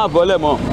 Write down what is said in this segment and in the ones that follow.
má bọ́lẹ̀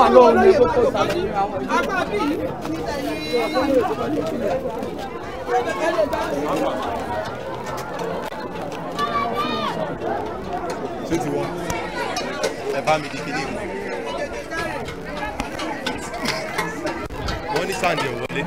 wà lọ́wọ́ ní kókó sáré. apá bí ìtẹ̀lé ọlọ́run. ṣé ti wọ́n ẹ bá mi di kílé wọn. wọ́n ní sáǹdì ò wọlé.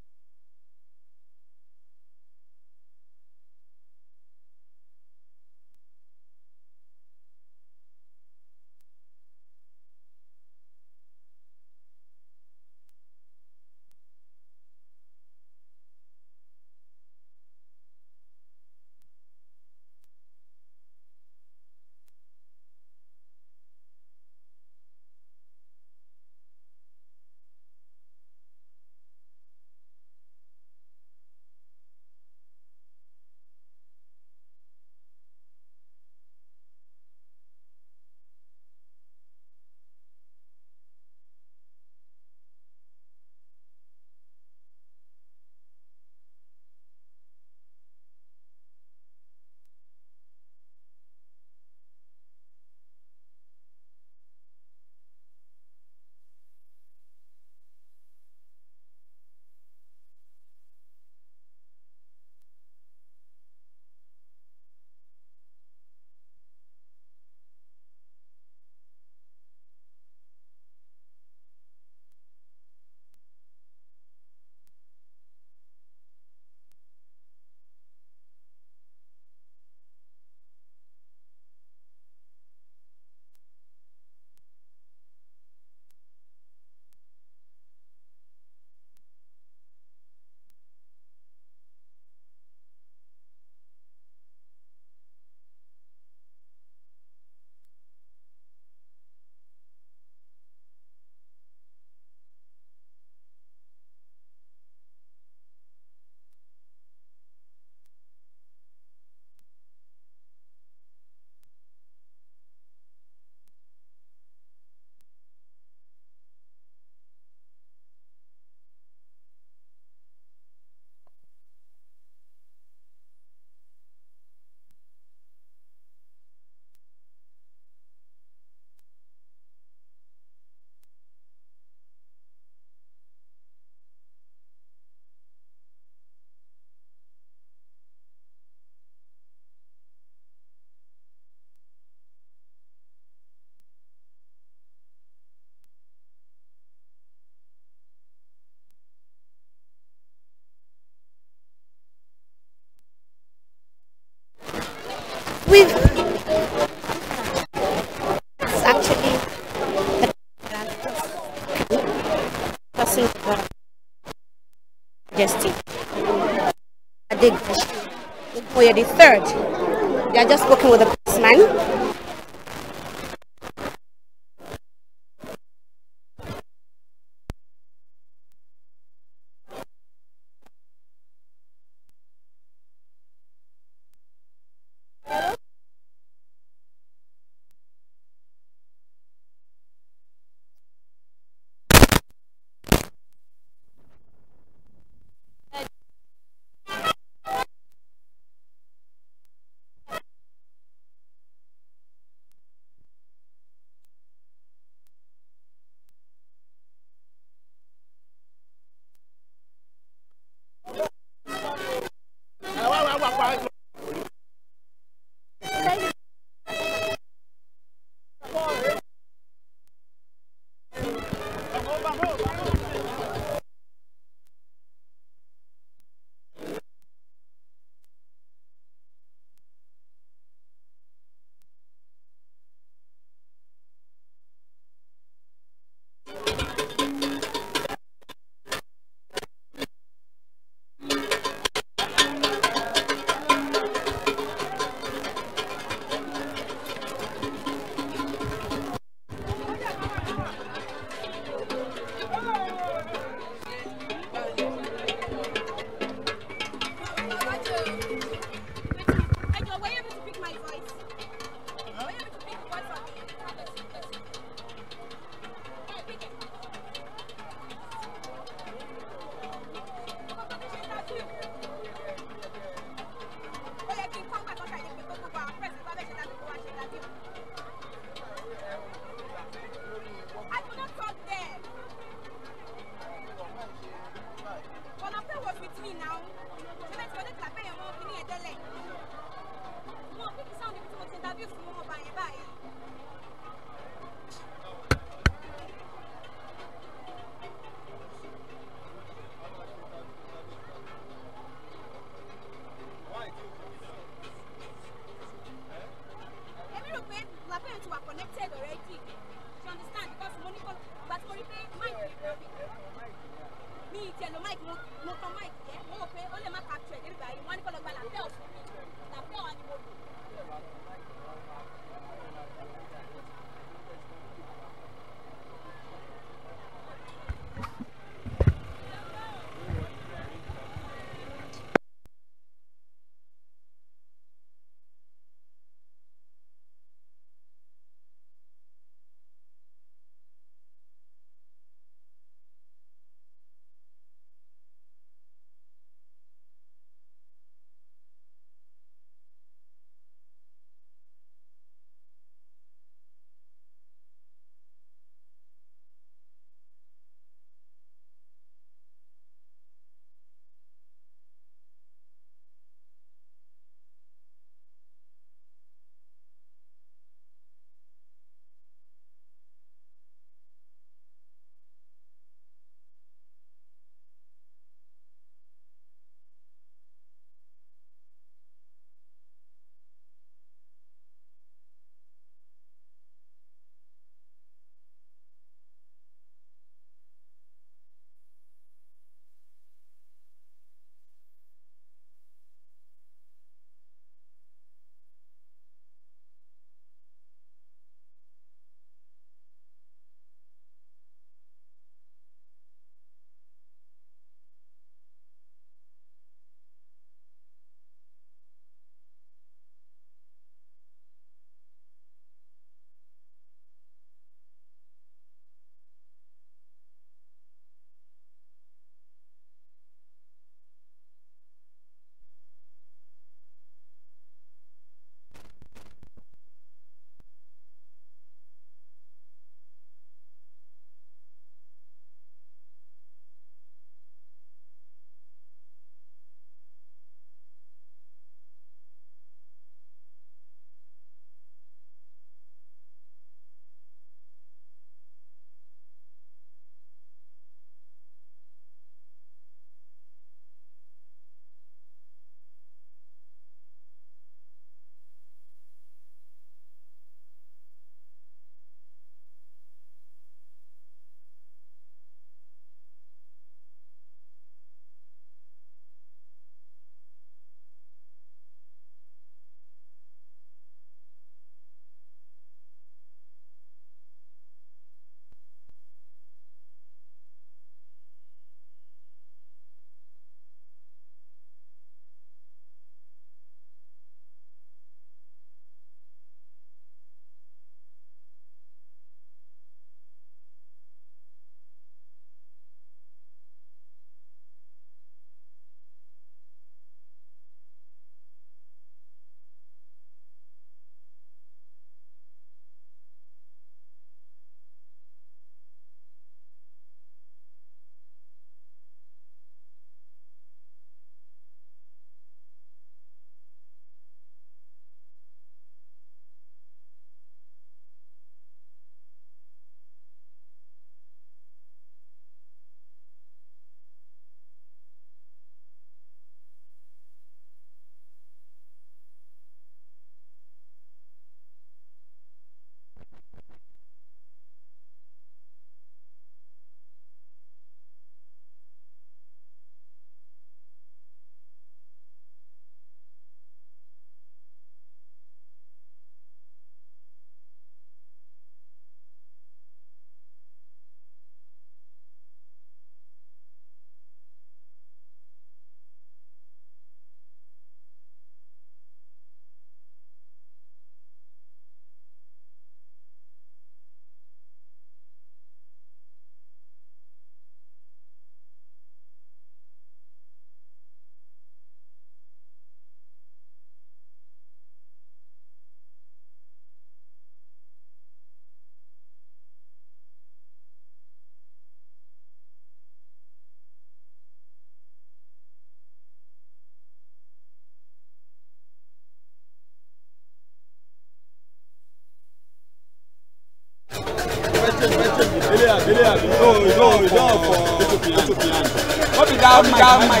o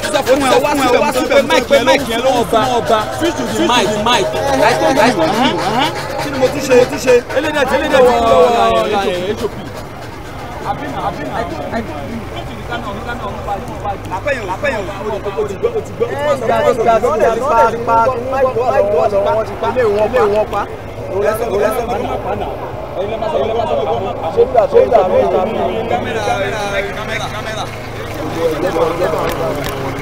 ti sọ fún ẹ wá síbẹ̀ wá síbẹ̀ mic yẹn ló ń ọba ọba switch to láìpẹ́ láìpẹ́ kí ni mo tún ṣe eléyà tí eléyà tí lọ́wọ́ hop àbínà àbínà àpẹyìn àpẹyìn o ti gbọ́ o ti gbọ́ o ti gbọ́ o ti gbọ́ o ti pa pa mic lọ́wọ́ lọ́wọ́ wọn ti pa ilé wọn pa ilé wọn pa òrẹ́sẹ̀ òrẹ́sẹ̀ mọ̀ náà pa náà ẹ̀yin lẹ́mọ́sọ̀ lẹ́mọ́sọ̀ lọ́wọ́ ṣé bí àtúntà mi ìta mi. kámẹ́rà kámẹ́rà kámẹ́rà. Hadi bakalım.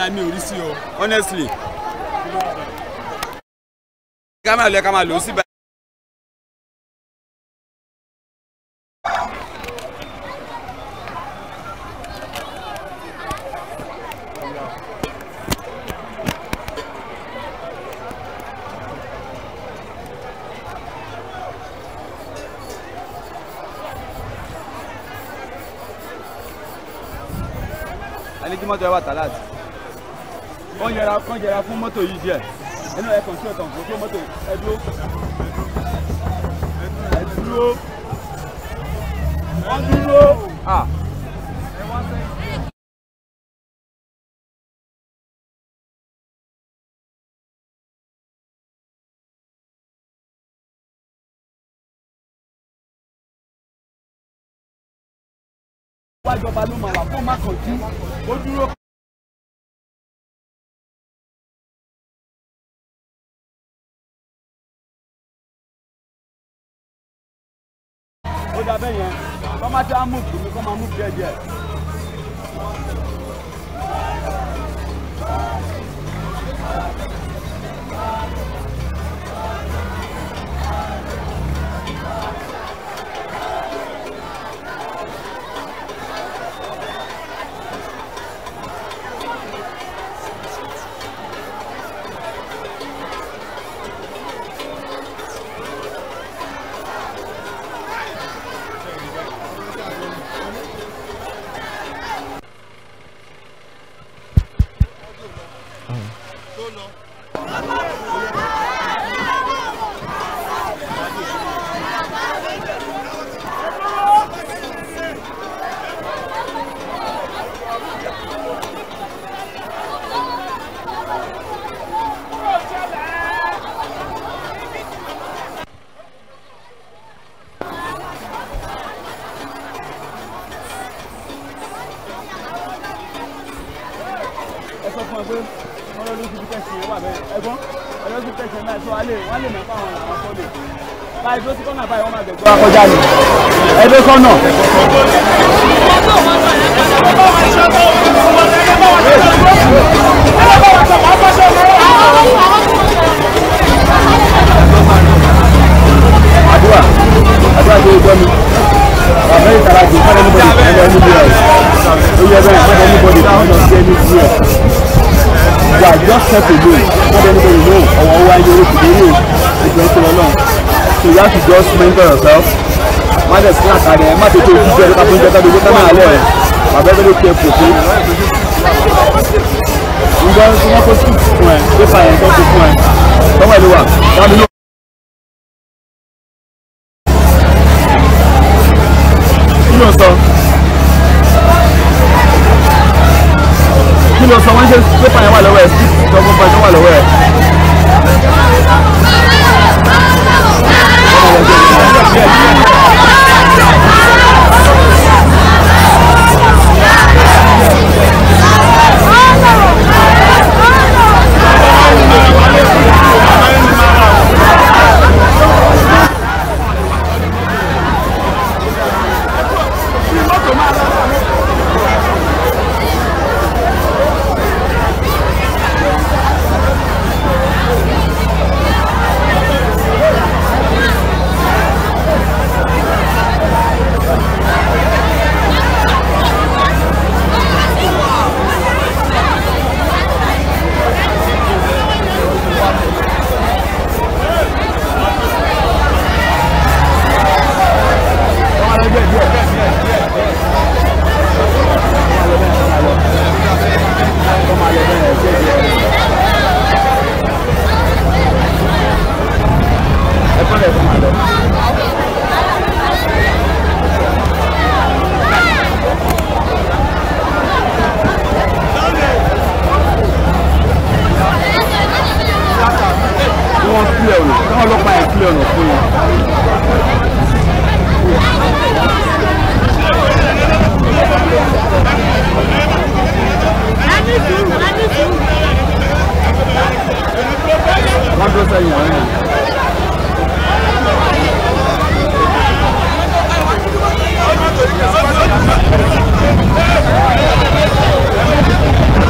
dáadáa mi ò sí o honestly. ká máa lọ ẹ ká máa lò ó sí báyìí. alejima tó wà tàlàtì yẹra kán yẹra fún mọ́tò yìí díẹ̀ inú ẹ̀ kàn sí ọ̀tàn fún tó mọ́tò ẹ dúró ẹ dúró wọ́n dúró à. wájọba ló máa wà fún mákàntí. kílẹ̀ ọ̀nà fún wọn. wọ́n dúró sẹ́yìn ọ̀rẹ́ yẹn. Thank you.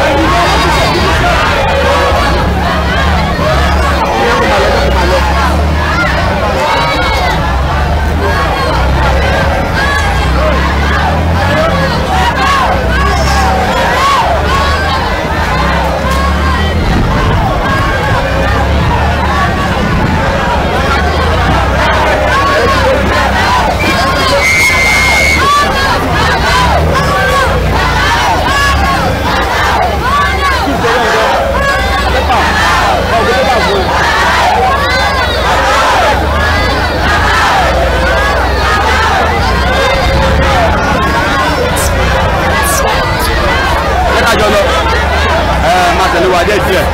tẹ̀lé wa dé díẹ̀.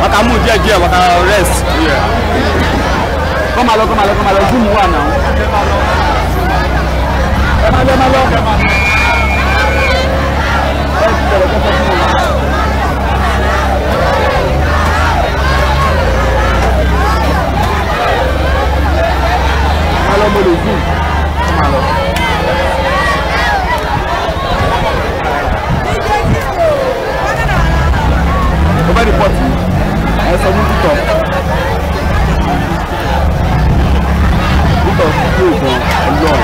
wọ́n ká mú díẹ̀ díẹ̀ wọ́n rest díẹ̀. kọ́ máa lọ kọ́ máa lọ kọ́ máa lọ zoom wà náà. ẹ máa lọ ẹ máa lọ. Hello, Molugu. over report ẹ sọ fún títọ títọ yóò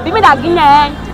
比没大几年。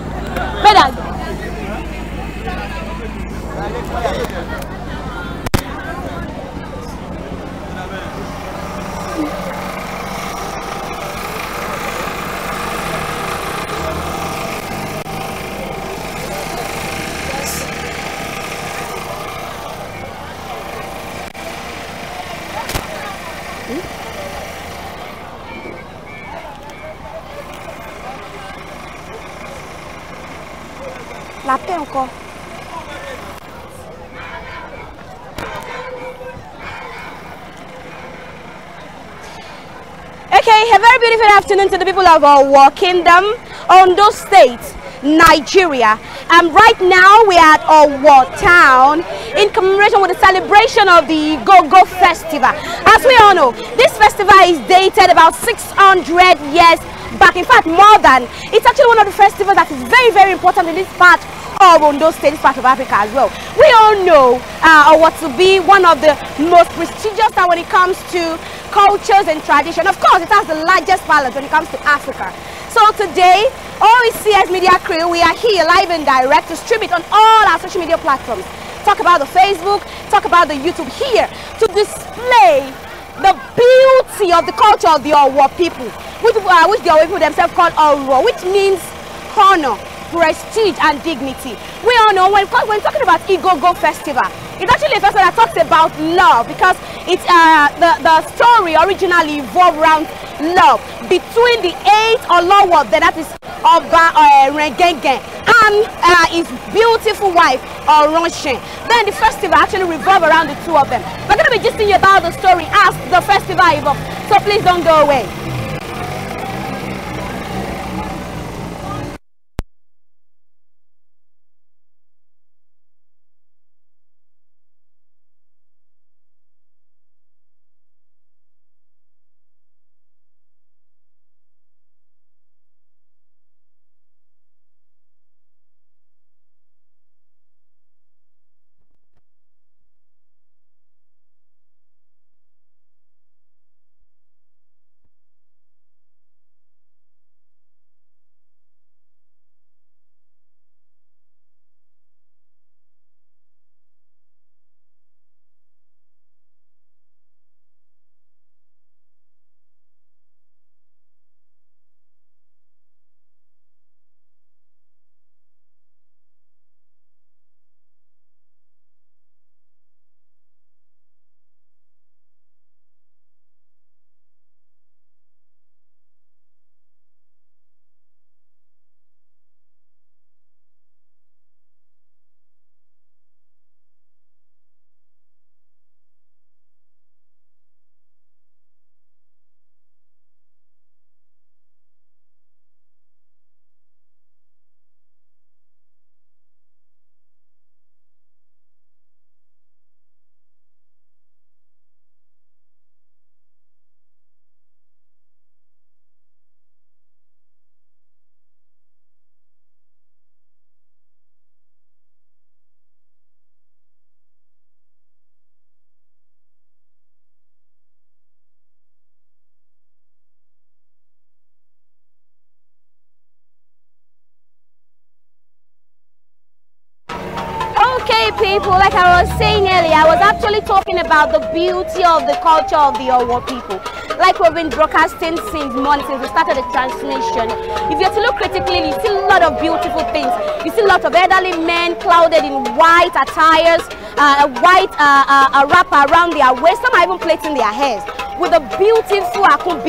listening to the people of our kingdom, Ondo State, Nigeria. And right now we are at Owo Town in commemoration with the celebration of the Go-Go Festival. As we all know, this festival is dated about 600 years back. In fact, more than. It's actually one of the festivals that is very, very important in this part of Ondo State, this part of Africa as well. We all know uh, what to be one of the most prestigious that when it comes to cultures and tradition. Of course, it has the largest balance when it comes to Africa. So today, OECS Media Crew, we are here live and direct to stream it on all our social media platforms. Talk about the Facebook, talk about the YouTube here to display the beauty of the culture of the Owo people, which, uh, which the Owo people themselves call Owo, which means honor, prestige and dignity. We all know when, when talking about Igogo Festival, it's actually a festival that talks about love because it's uh, the, the story originally revolved around love between the eight Olowo, that is Oba uh, Rengenge, and uh, his beautiful wife, Oronshin. Then the festival actually revolved around the two of them. We're going to be just you about the story as the festival evolved, so please don't go away. people, like I was saying earlier, I was actually talking about the beauty of the culture of the Owo people. Like we've been broadcasting since months, since we started the transmission. If you to look critically, you see a lot of beautiful things. You see a lot of elderly men clouded in white attires, uh, white uh, uh, around their waist. Some are even plaiting their hairs with a beautiful akun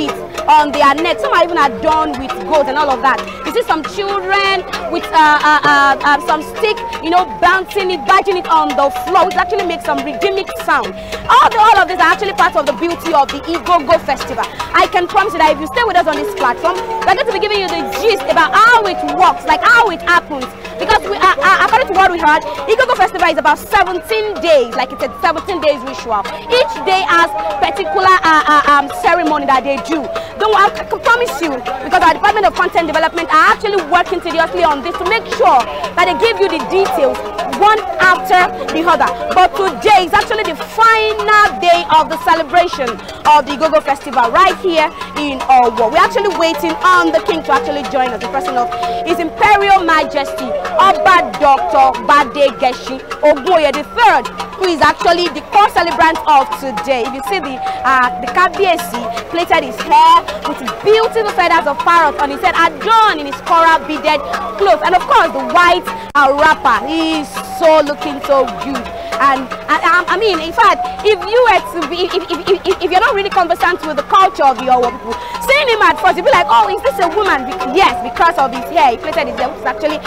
on their neck. Some are even adorned with gold and all of that. You see some children with uh, uh, uh, uh, some stick, you know, bouncing it, biting it on the floor, which actually makes some rhythmic sound. All, the, all of these are actually part of the beauty of the Igogo Festival. I can promise you that if you stay with us on this platform, we're going to be giving you the gist about how it works, like how it happens, because we are, uh, uh, according to what we heard, Igogo Festival is about 17 days, like it's a 17 days ritual. Each day has particular uh, uh, um, ceremony that they do. Don't I can promise you, because our Department of Content Development are actually working seriously on this to make sure that they give you the details one after the other. But today is actually the final day of the celebration of the Igogo Festival right here in Owo. We're actually waiting on the king to actually join us, the person of His Imperial Majesty Ọba Dr. Badegeshi Ogunye the third, who is actually the co-celebrant of today. If you see the uh, the Kabiyesi plaited his hair with beautiful feathers of parrot on his head, adorned in his coral beaded clothes, and of course the white uh, wrapper. He is so looking so good. And, and um, I mean, in fact, if you were to be, if, if, if, if, you're not really conversant with the culture of your people, seeing him at first, you'd be like, oh, is this a woman? Be yes, because of his hair, he plaited his hair, which is actually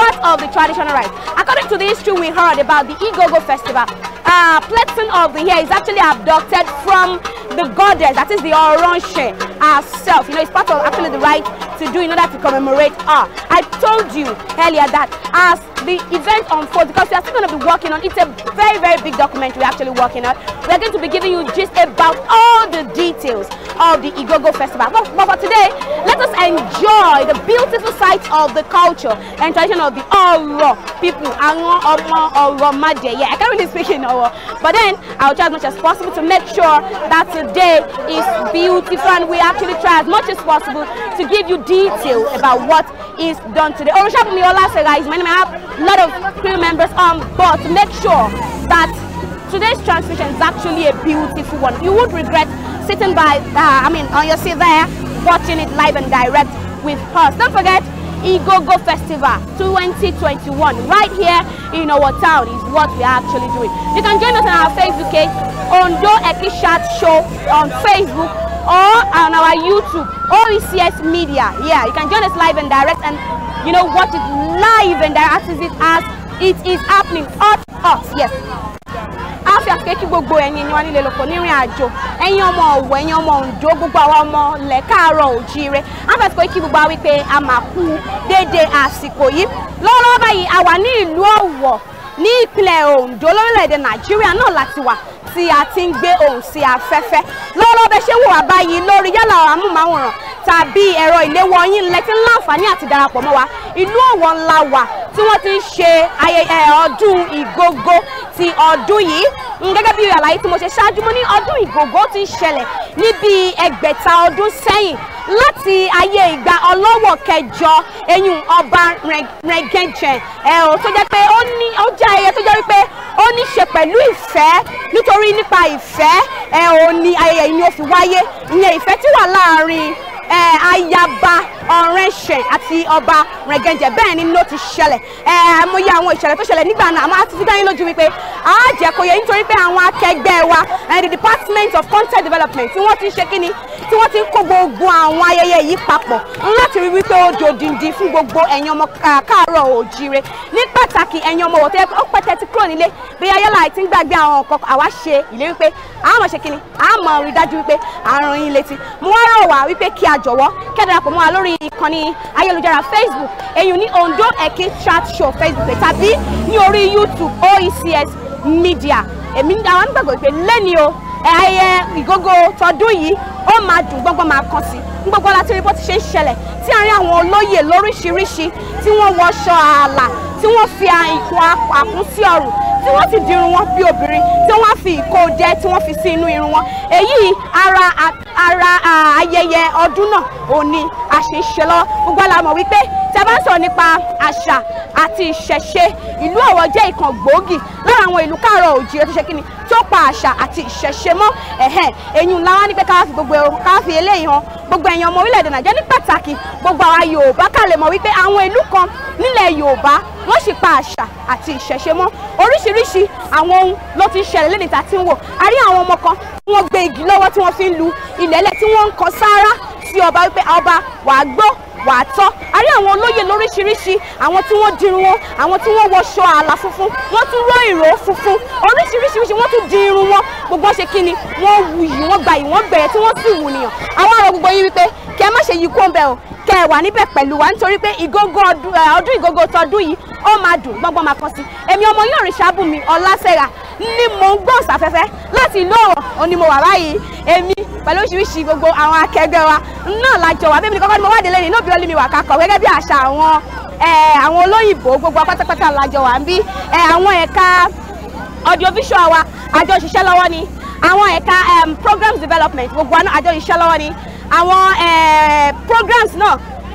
part of the traditional right. According to the history we heard about the Igogo festival, uh, plaiting of the hair is actually abducted from the goddess, that is the Orange herself. You know, it's part of actually the right to do in order to commemorate her. I told you earlier that as the event unfolds because we are still going to be working on it's a very very big document we're actually working on we're going to be giving you just about all the details of the Igogo festival but, but for today let us enjoy the beautiful sights of the culture and tradition of the Oro people yeah I can't really speak in Oro but then I'll try as much as possible to make sure that today is beautiful and we actually try as much as possible to give you detail about what is done today Oroṣabunmi Olasera guys. my name is lot of crew members on but make sure that today's transmission is actually a beautiful one. You would regret sitting by, uh, I mean, on your seat there, watching it live and direct with us. Don't forget, Igogo Festival 2021 right here in our town is what we are actually doing. You can join us on our Facebook page, Ondo Ekishat Show on Facebook or on our YouTube, OECS Media. Yeah, you can join us live and direct and you know watch it live and direct as it as it is happening. Hot, hot, yes. á fi àfikẹ́ kí gbogbo ẹ̀yin ẹ̀yin wa nílé lóko nírìn àjò ẹ̀yin ọmọ Ọ̀wọ̀ ẹ̀yin ọmọ Oǹdó gbogbo àwa ọmọ ilẹ̀ káàárọ̀ òjíire á fẹ́ sọ kí gbogbo wa wípé a máa kú déédéé àsìkò yìí lọ́wọ́lọ́wọ́ báyìí a wà ní ìlú Ọ̀wọ̀ ní ìpínlẹ̀ Oǹdó lórílẹ̀‐èdè Nàìjíríà náà láti wà tí a ti ń gbé ohùn sí afẹ́fẹ́ lọ́wọ́lọ́wọ́ bẹ ṣé wò wá báyìí lórí yálà amóhùnmáwòrán tàbí ẹ̀rọ ìléwọ́ yín lẹ́tí láǹfààní àti darapọ̀ mọ́ wa ìlú Ọ̀wọ̀ ńlá wa tí wọ́n ti ń ṣe ayẹyẹ ọdún ìgógó ti ọdún yìí gẹ́gẹ́ bí àlàyé tí mo ṣe ṣáájú mo ní ọdún ìgógó ti ń ṣẹlẹ̀ ní bíi ẹgbẹ̀ta ọdún sẹ́yìn láti ayé ìgbà ọlọ́wọ̀ kẹjọ eyín ọba rẹ̀gẹ́jẹ̀ ẹ̀ ò tó jẹ́ pé ó ní ó jẹ́ ayẹyẹ tó jẹ́ wípé ó ní ṣe pẹ̀lú ìfẹ́ nítorí nípa ìfẹ́ ẹ̀ ò ní ayẹyẹ yìí ni ó fi wáyé ìyẹn ìfẹ́ tí wà láàárín ayaba ọ̀rẹ́ṣẹ̀ àti ọba rẹ̀gẹ́njẹ bẹ́ẹ̀ ni ló ti ṣẹlẹ̀ mo yẹ àwọn ìṣẹ̀lẹ̀ tó ṣẹlẹ̀ nígbà náà àmọ́ àti fídá yín lójú wípé a jẹ́ kó nítorí pé àwọn akẹgbẹ́ wa the department of content development tí wọ́n ti ṣe kí ni tí wọ́n ti ń kó gbogbo àwọn ayẹyẹ yìí papọ̀ láti rí wípé ó dòdìndín fún gbogbo ẹ̀yin ọmọ káàárọ̀ òjíire ní pàtàkì ẹ̀yin ọmọ òtẹ́ ó pẹ́tẹ́ ti kúrò nílé bí ayọ́lá àti ń gbàgbé àwọn nǹkan àwa ṣe ìlérí pé a ṣe kí ni a máa rí dájú wípé àrùn yín létí mo wá rọ̀ wá wípé kí a dáadáa jọ̀wọ́ kí ẹ darapọ̀ mọ́ wa lórí ìkànnì ayélujára facebook èyí ní ondo eke chat show facebook tàbí ní orí youtube oecs media èmi àwọn gbàgbọ́ pé lẹ́ni o ayẹyẹ ìgógó tọdún yìí ó máa dùn gbọ́ngbọ́n máa kàn sí gbogbo láti rí bó ti ṣe ń ṣẹlẹ̀ tí àárín àwọn olóyè lóríṣiríṣi tí wọ́n wọṣọ ààlà tí wọ́n fi àìkú àkún sí ọrùn tí wọ́n ti dirun wọn bí obìnrin tí wọ́n fi ìkóòjẹ tí wọ́n fi sí inú irun wọn èyí ara ara ayẹyẹ ọdún náà ò àṣìṣe lọ gbogbo la wípé tí bá ń sọ nípa àṣà àti ìṣẹ̀ṣe ìlú Ọ̀wọ̀ jẹ́ ìkan gbòógì lára àwọn ìlú káàárọ̀ òjìrè tó ṣe tó pa àṣà àti ìṣẹ̀ṣe mọ́ ẹ̀hẹ́n èyí ńlá wá ní pé ká fi gbogbo ká fi eléyìí hàn gbogbo ẹ̀yàn ọmọ orílẹ̀-èdè Nàìjíríà ní pàtàkì gbogbo àwa Yorùbá ká lè mọ̀ wípé àwọn ìlú kan nílẹ̀ Yorùbá wọ́n sì pa àṣà àti ìṣẹ̀ṣe mọ́ oríṣiríṣi oríṣiríṣi àwọn ohun ló ti ń ṣẹlẹ̀ lẹ́ni ta ti ń wò a rí àwọn ọmọ kan tí wọ́n gbé igi lọ́wọ́ tí wọ́n fi ń lu ilẹ̀lẹ̀ tí wọ́n ń kan sáárá sí ọba wípé ọba wàá gbọ́ wàá tọ́ a rí àwọn olóyè lóríṣiríṣi àwọn tí wọ́n dirun wọn àwọn tí wọ́n wọṣọ àlà funfun wọ́n tún ró ìró funfun oríṣiríṣiríṣi wọ́n tún di irun wọn gbogbo ṣe kí ni wọ́n wuyì wọ́n gbayì wọ́n bẹ̀rẹ̀ tí wọ́n sì wù nìyàn àwọn àrò gbogbo yìí wípé kí ẹ má ṣe yí kó ń bẹ o pé ẹ wà níbẹ̀ pẹ̀lú wa nítorí pé ìgógó ọdún ìgógó tọdún yìí ó máa dùn gbọ́ngbọ́n máa kọ́ sí èmi ọmọ yín Òrìṣàbùnmi Ọláṣẹ́ra ni mò ń gbọ́ sàfẹ́fẹ́ láti ìlú ọ̀rọ̀ òní mo wà báyìí èmi pẹ̀lú oríṣiríṣi gbogbo àwọn akẹgbẹ́ wa náà lájọ wà bẹ́ẹ̀ mi kọ́kọ́ ni mo wá délé ní inú obìnrin mi wà kakọ̀ gẹ́gẹ́ bí àṣà àwọn àwọn olóyìnbó gbogbo pátápátá lájọ wà ń bí àwọn ẹ̀ka audiovisual wa àjọ òṣìṣẹ́ lọ́wọ́ ni àwọn ẹ̀ka programs development gbogbo àjọ òṣìṣẹ́ lọ́wọ́ ni àwọn eh, programs náà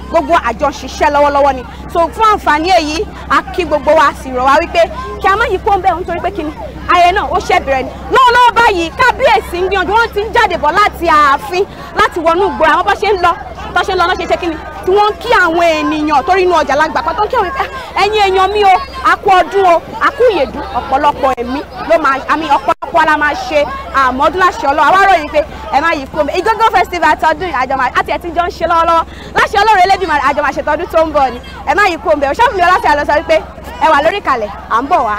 gbogbo àjọ ṣiṣẹ́ lọ́wọ́lọ́wọ́ ni so fún àǹfààní èyí a kí gbogbo wa sì rọ̀ wá wípé kí a má yí kó ń bẹ̀ nítorí pé kíni ayẹyẹ náà ó ṣe bẹ̀rẹ̀ ni lọ́wọ́ lọ́wọ́ báyìí kábíyèsí ń gbìyànjú wọ́n ti ń jáde bọ̀ láti ààfin láti wọnú ìgboro àwọn bó ṣe ń lọ tó ṣe ń lọ náà ṣe ṣe kíni tí wọ́n kí àwọn ènìyàn torí inú ọjà lágbà pátó kí àwọn ah, ẹ̀yin èèyàn mi o a kú ọdún o a kú ìyèdú ọ̀pọ̀lọpọ̀ ẹ̀mí ló máa àmì ọ̀pọ̀ wa la máa ṣe àmọ́dún láṣẹ ọlọ́run àwa rò yìí pé ẹ má yìí fún mi ìgógó festival tọdún àjọmọ àti ẹtí jọ ń ṣe lọ́wọ́lọ́wọ́ láṣẹ ọlọ́run Elédùmarè àjọmọ àṣetọdún tó ń bọ̀ ni ẹ má yìí fún mi ọ̀ṣọ́fúnmi ọlọ́sẹ̀ àlọ́ sọ wípé ẹ wà lórí kalẹ̀ à ń bọ̀ wá.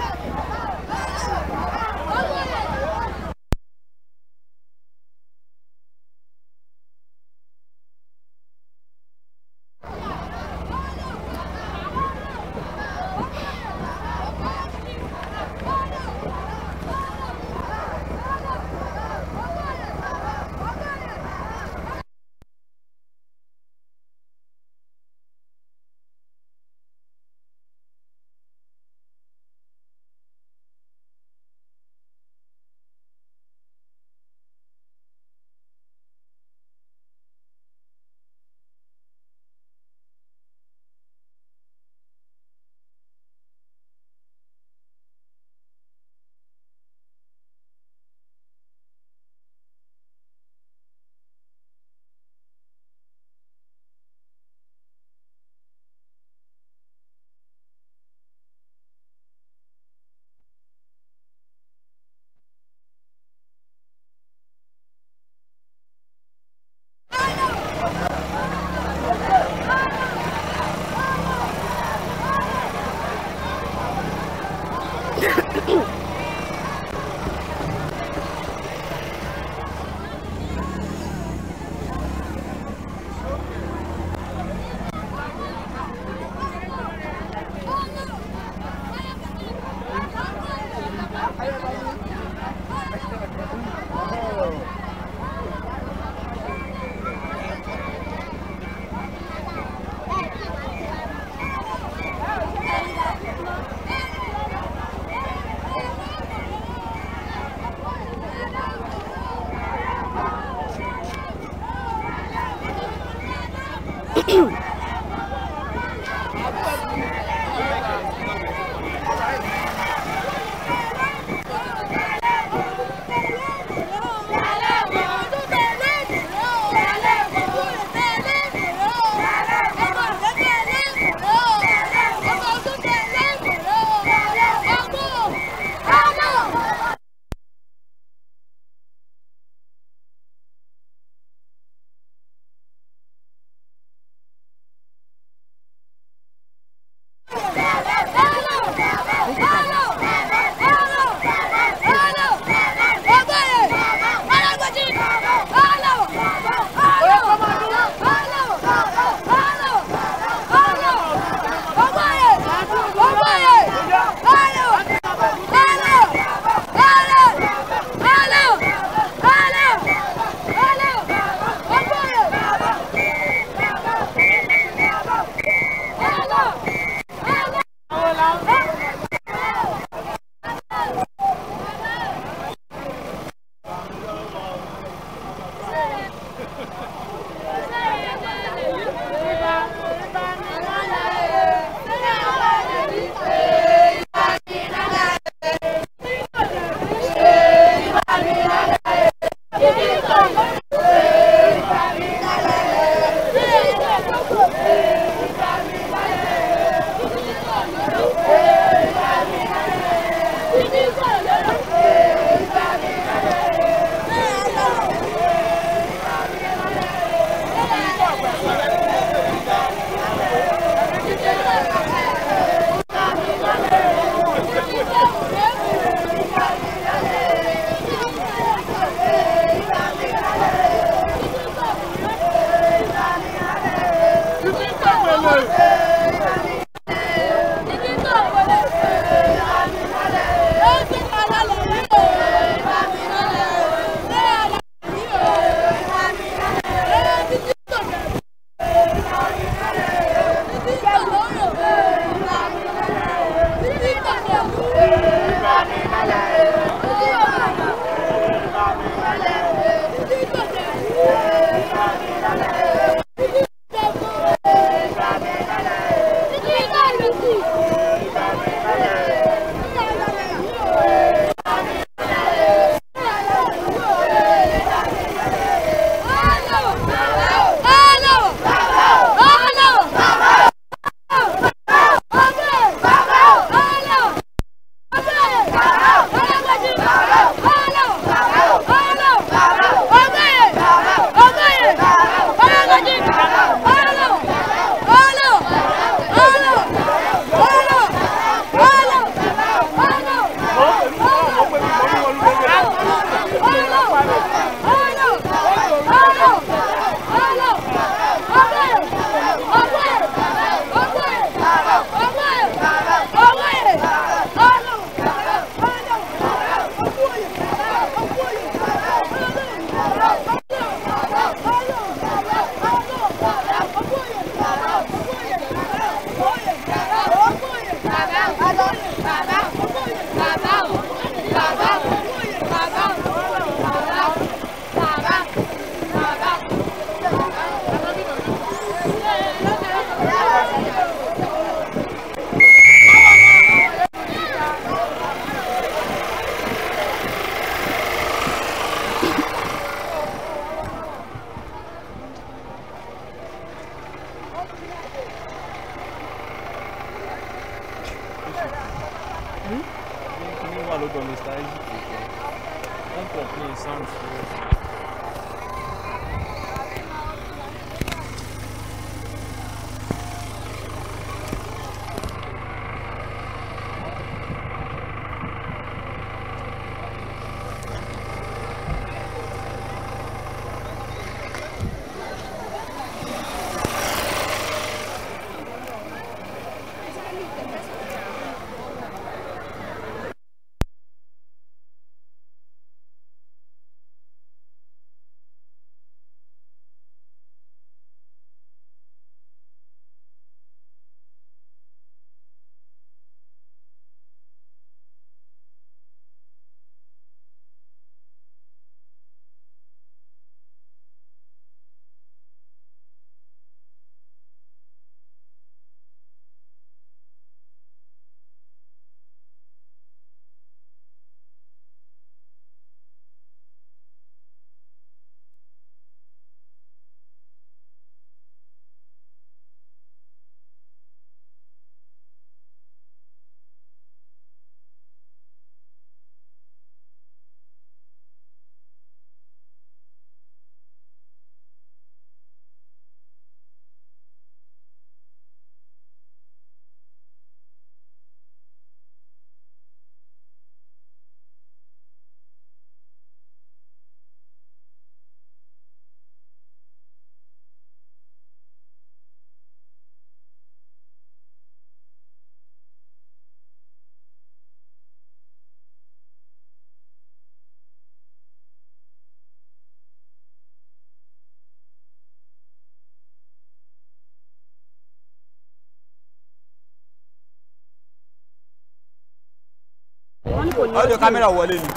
audio kámẹ́rà wọlé ni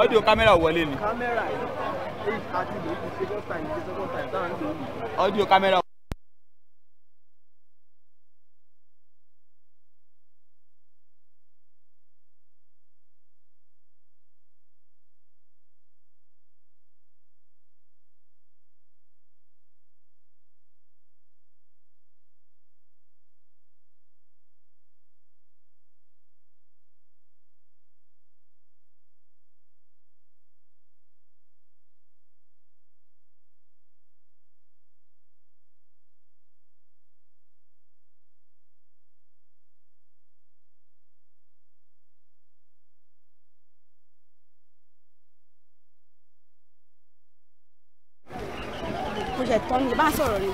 ọ́dọ̀ kámẹ́rà wọlé ni ọ́dọ̀ kámẹ́rà ṣẹ̀tọ́ ni bá sọ̀rọ̀ ni.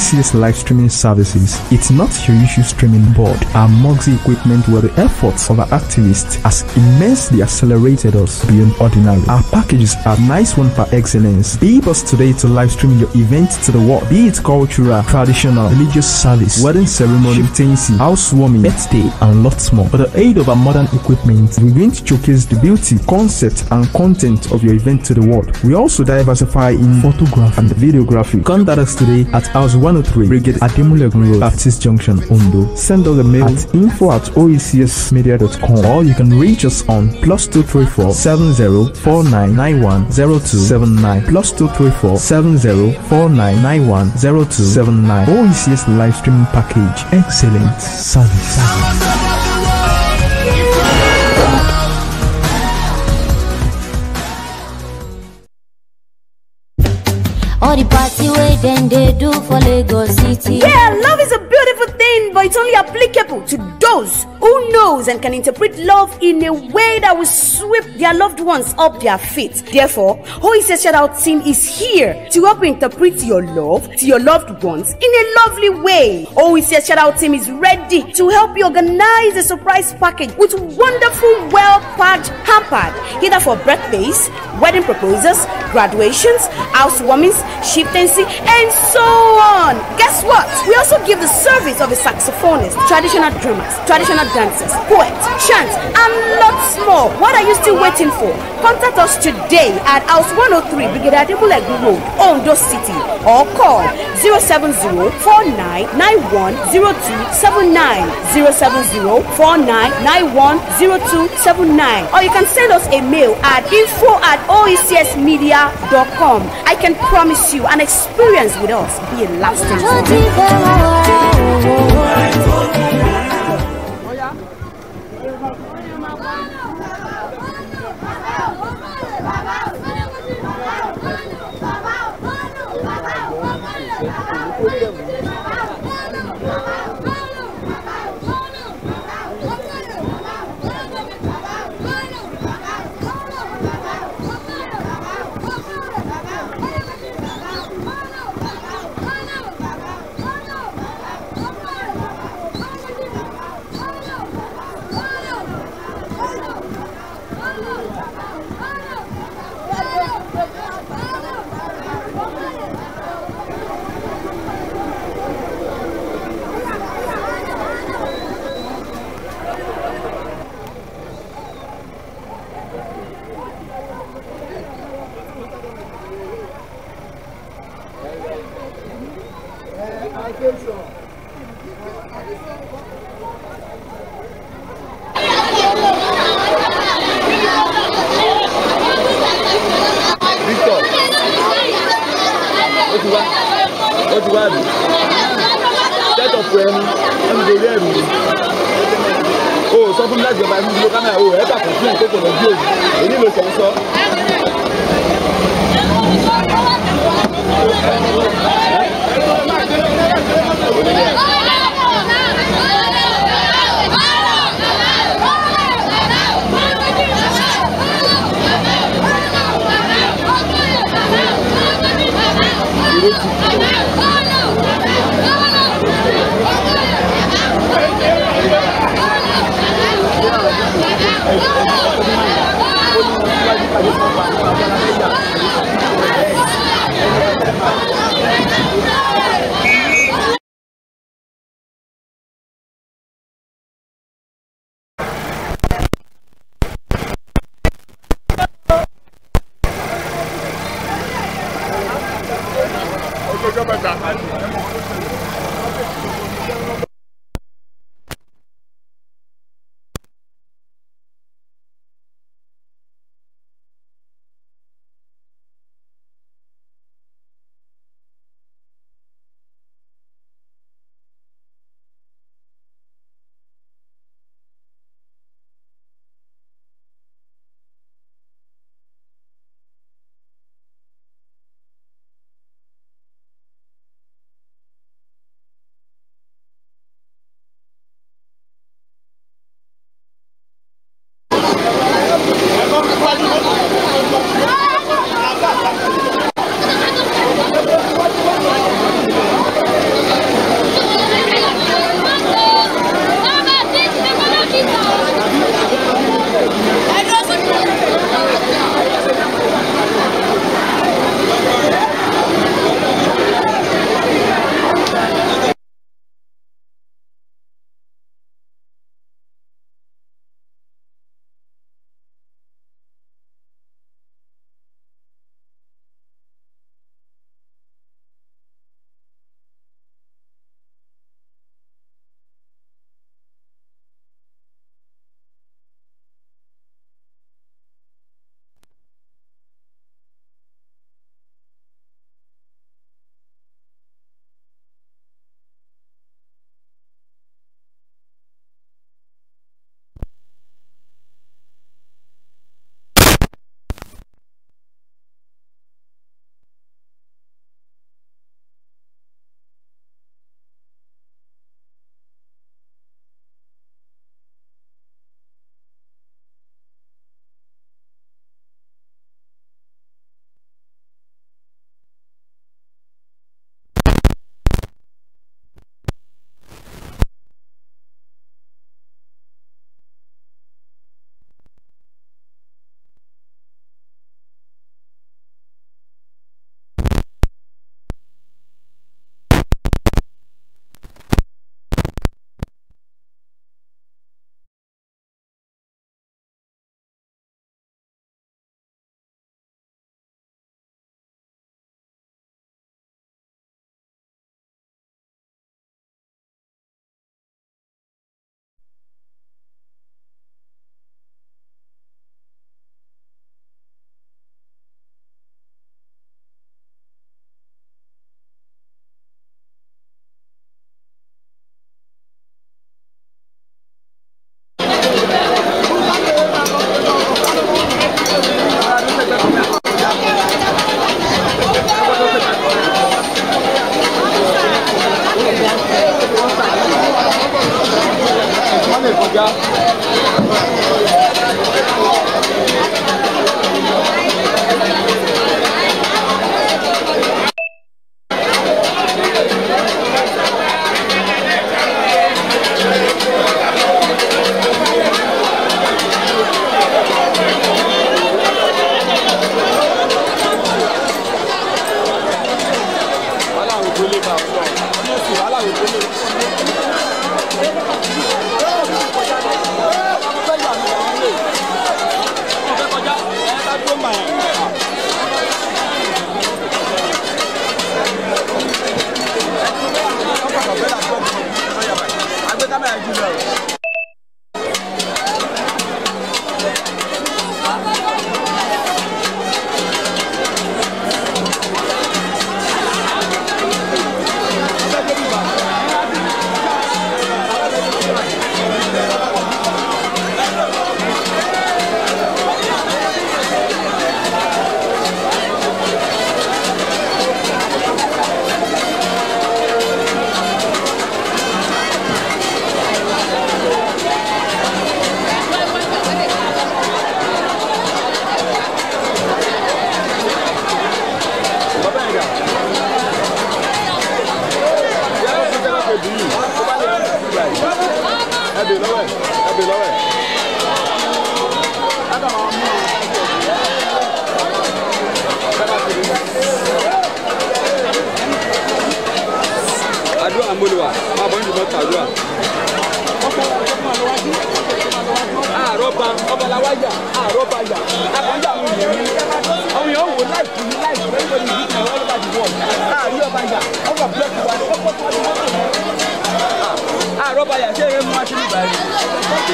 TCS live streaming services. It's not your usual streaming board. Our Moxie equipment where the efforts of our activists has immensely accelerated us beyond ordinary. Our packages are nice one for excellence. Be us today to live stream your event to the world. Be it cultural, traditional, religious service, wedding ceremony, shiftancy, housewarming, birthday, and lots more. With the aid of our modern equipment, we're going to showcase the beauty, concept, and content of your event to the world. We also diversify in photography and videography. Contact us today at House 1 103 Brigade Ademulegun Road, Baptist Junction, Ondo. Send us a mail at info at oecsmedia.com or you can reach us on plus 234 7049910279 plus 234 7049910279 OECS live streaming package. Excellent service. dem dey do for lagos city yeah love is a beautiful thing but it's only applicable to those who knows and can interpret love in a way that will sweep their loved ones up their feet. Therefore, Holy Shout Out team is here to help you interpret your love to your loved ones in a lovely way. Holy Shout Out team is ready to help you organize a surprise package with wonderful, well-packed hamper, either for birthdays, wedding proposals, graduations, housewarmings, shiftancy, and so on. Guess what? We also give the service of a saxophonists, traditional drummers, traditional dancers, poets, chants, and lots more. What are you still waiting for? Contact us today at House 103 Brigadier Adebulegu Road, Ondo City, or call 070 or you can send us a mail at info at oecsmedia.com. I can promise you an experience with us be a lasting. What? ti wá tẹ́tọ̀ fún ẹni ẹni lórí ẹ̀rù rí o sọ fún mi láti ọba ní ìlú kámẹ́rà o ẹ̀ẹ́dà kò fún ìkókò lọ bí òyìn èyí ló sọ ń sọ. Thank you. Ini b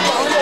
Bye.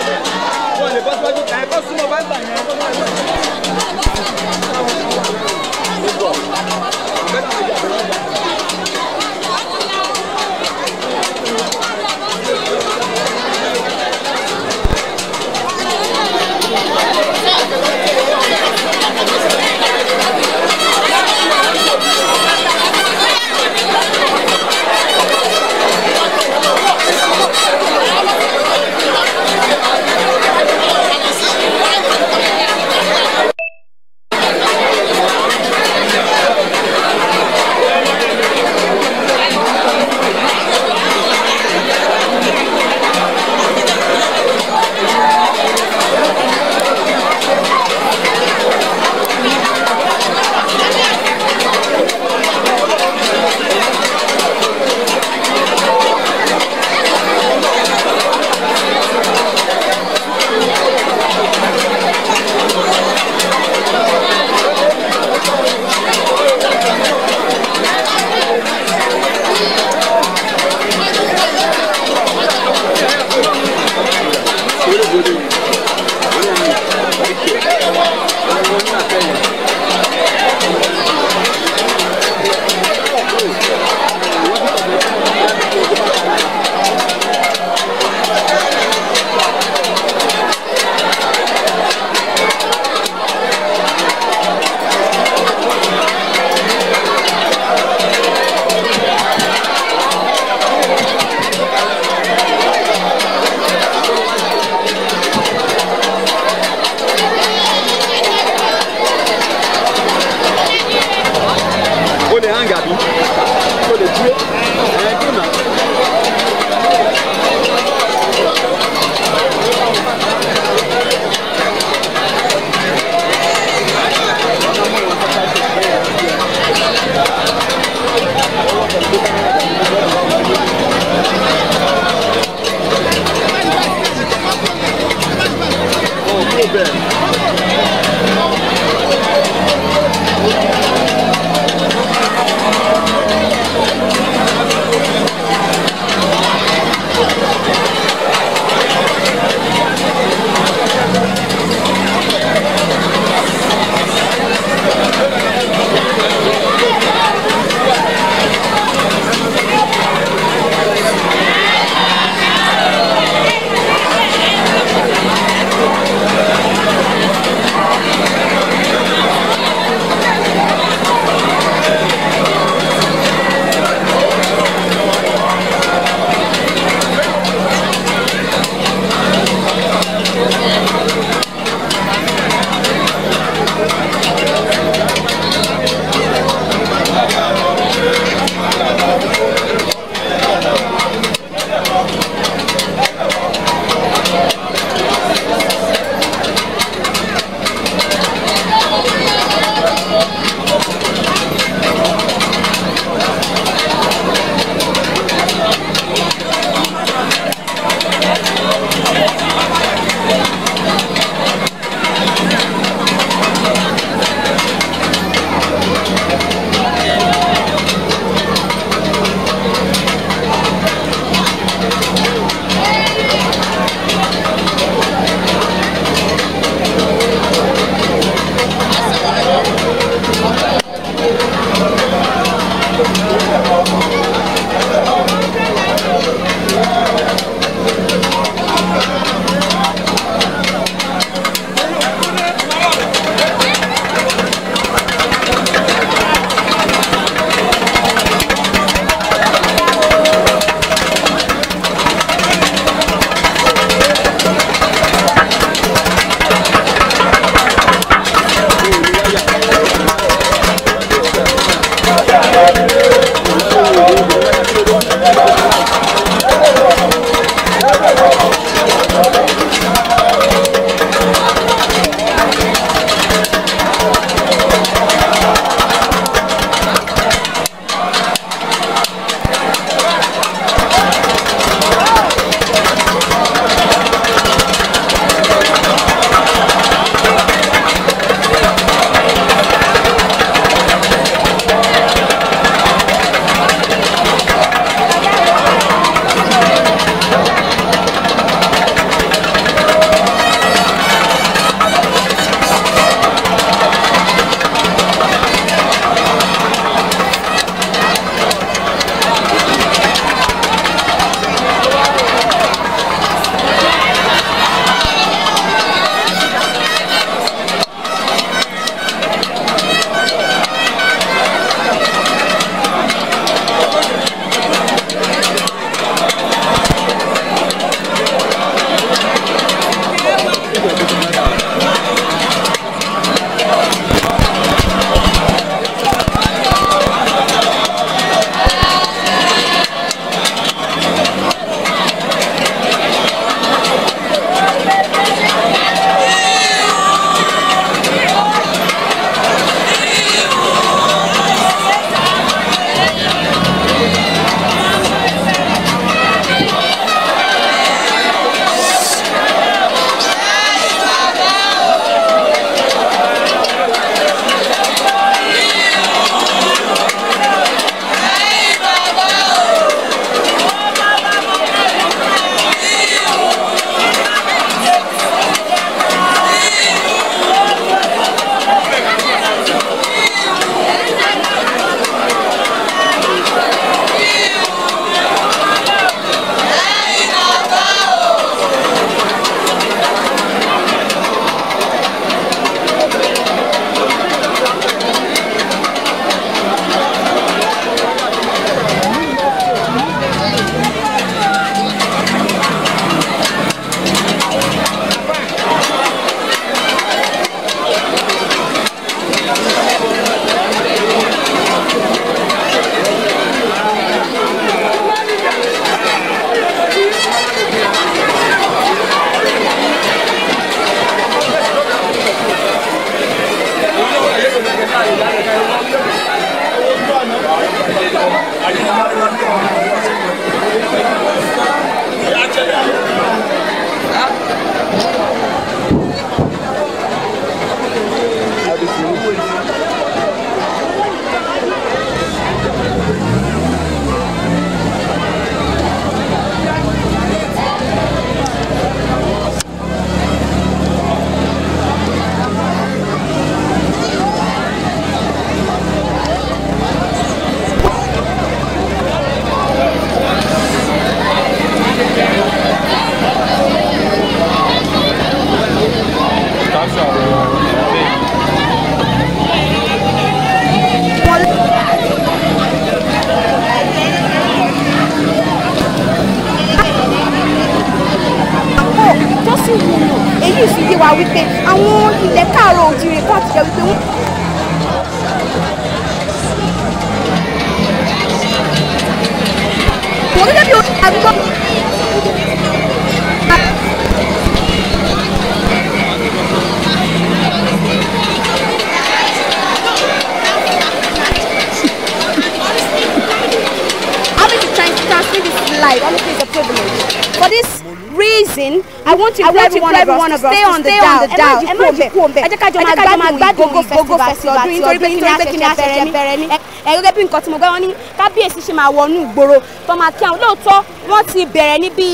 want stay on the down ẹ má jí kú òǹbẹ ẹ jẹ́ ká jọ máa gbádùn ìgbògo festival ọdún nítorí pé kí ni a ṣẹ̀ṣẹ̀ bẹ̀rẹ̀ ní ẹ gẹ́gẹ́ bí nǹkan tí mo gbọ́ wọn ní kábíyèsí ṣe máa wọnú ìgboro tó máa kí àwọn lóòótọ́ wọ́n ti bẹ̀rẹ̀ ní bí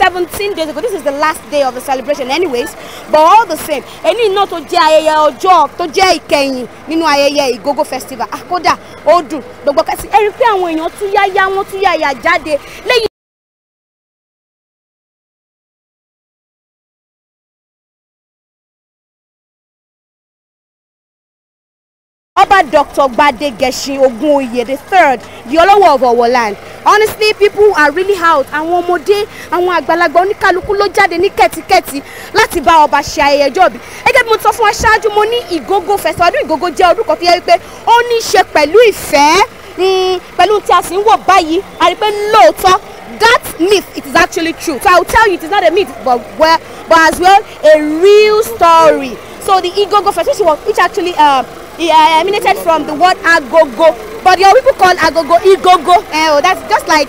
seventeen days ago this is the last day of the celebration anyways but all the same èyí náà tó jẹ́ ayẹyẹ ọjọ́ tó jẹ́ ìkẹyìn nínú ayẹyẹ ìgógó festival àkódà ó dùn gbogbo kẹsì ẹ rí i pé àwọn èèyàn tún yáyá wọn tún yáyà jáde lẹ́yìn Dr. Bade Geshin Ogunoye the third, the Olowo of our Honestly, people are really out. Àwọn ọmọdé, àwọn àgbàlagbà oníkálukú ló jáde ní kẹ̀tíkẹ̀tí láti bá ọba ṣe ayẹyẹ ọjọ́ bí. Gẹ́gẹ́ bí mo sọ fún wa ṣáájú, mo ní Ìgógó fẹ̀sọ̀ ọdún Ìgógó jẹ́ ọdún kan tó yẹ wípé ó ní í ṣe pẹ̀lú ìfẹ́ hmm, pẹ̀lú tí a sì ń wò báyìí a rí i pé lóòótọ́ that myth it is actually true so i will tell you it is not a myth but well but as well a real story so the Igogo festival which actually uh, uh, emanated from the word agogo but your people call agogo igogo uh, oh, that's just like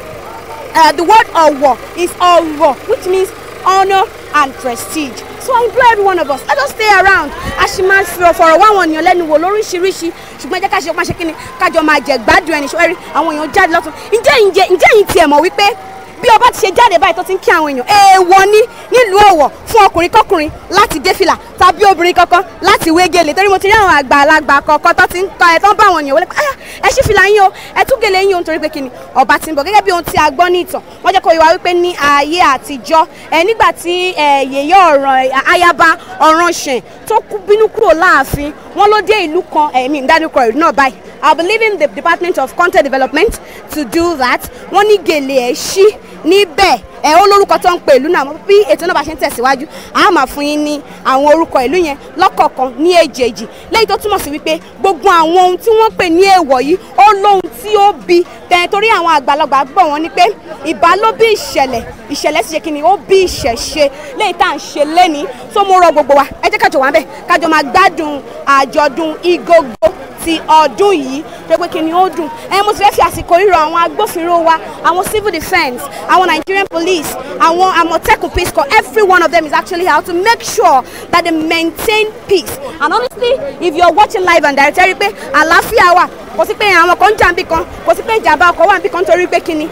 uh, the word owo is owo which means honor and prestige so i implore every one of us let us stay around a for máa one fi ọ̀fọ̀rọ̀ wá àwọn èèyàn lẹ́nu wò lóríṣiríṣi ṣùgbọ́n jẹ́ ká ṣe máa ṣe kí ni kájọ máa jẹ gbádùn ẹni ṣọ́ẹ́rí àwọn èèyàn jáde lọ́tún ǹjẹ́ ǹjẹ́ ǹjẹ́ yìí tiẹ̀ mọ̀ wípé bí ọba ti ṣe jáde báyìí tó ti ń kí àwọn èèyàn èèwọ̀ ni nílùú ọ̀wọ̀ fún ọkùnrin kọkùnrin láti dé fìlà tàbí obìnrin kankan láti wé gèlè torí mo ti rí àwọn àgbàlagbà kọ̀ọ̀kan tó ti ń tọ́ ẹ tó ń bá àwọn èèyàn wọlé pé ah, ẹ ṣí fìlà yín o ẹ tún gèlè yín o nítorí pé kí ni ọba ti ń bọ̀ gẹ́gẹ́ bí ohun tí a gbọ́ ní ìtàn wọ́n jẹ́ kó yé wa wípé ní ayé àtijọ́ ẹ nígbà tí yèyé ọ̀ràn ayaba Ọ̀rànṣẹ̀ tó bínú kúrò láàfin wọ́n ló dé ìlú kan ẹ̀mí ìdánukọ̀ ìlú náà báyìí I'll be leaving the Department of Content Development to do that. Wọ́n ní gèlè ẹ̀ ṣí níbẹ̀ ẹ ó lórúkọ tó ń pe ìlú náà bí ètò náà bá ṣe ń tẹ̀síwájú a máa fún yín ní àwọn orúkọ ìlú yẹn lọ́kọ̀ọ̀kan ní èjèèjì léyìí tó túmọ̀ sí wípé gbogbo àwọn ohun tí wọ́n pè ní èèwọ̀ yìí ó lóhun tí ó bi tẹ̀ torí àwọn àgbàlagbà gbọ́ wọn ni pé ìbá ló bí ìṣẹ̀lẹ̀ ìṣẹ̀lẹ̀ sì ṣe kí ni ó bí ìṣẹ̀ṣe léyìí tá à ń ṣe lénìí tó mo rọ gbogbo wa ẹ jẹ́ kájọ wà ń bẹ̀ kájọ máa gbádùn àjọ̀dún Igogo ti ọdún yìí pé kí ni ó dùn ẹ mo ti fẹ́ fi àsìkò ríro àwọn agbófinró wa àwọn civil defence àwọn Nigerian police police àwọn àmọ̀tẹ́kùn peace corps every one of them is actually out to make sure that they maintain peace and honestly if you are watching live and direct i pé àlàáfíà wà kò sí pé àwọn kan ń jà níbì kan kò sí pé ìjàmbá ọkọ̀ wà níbì kan torí pé kíni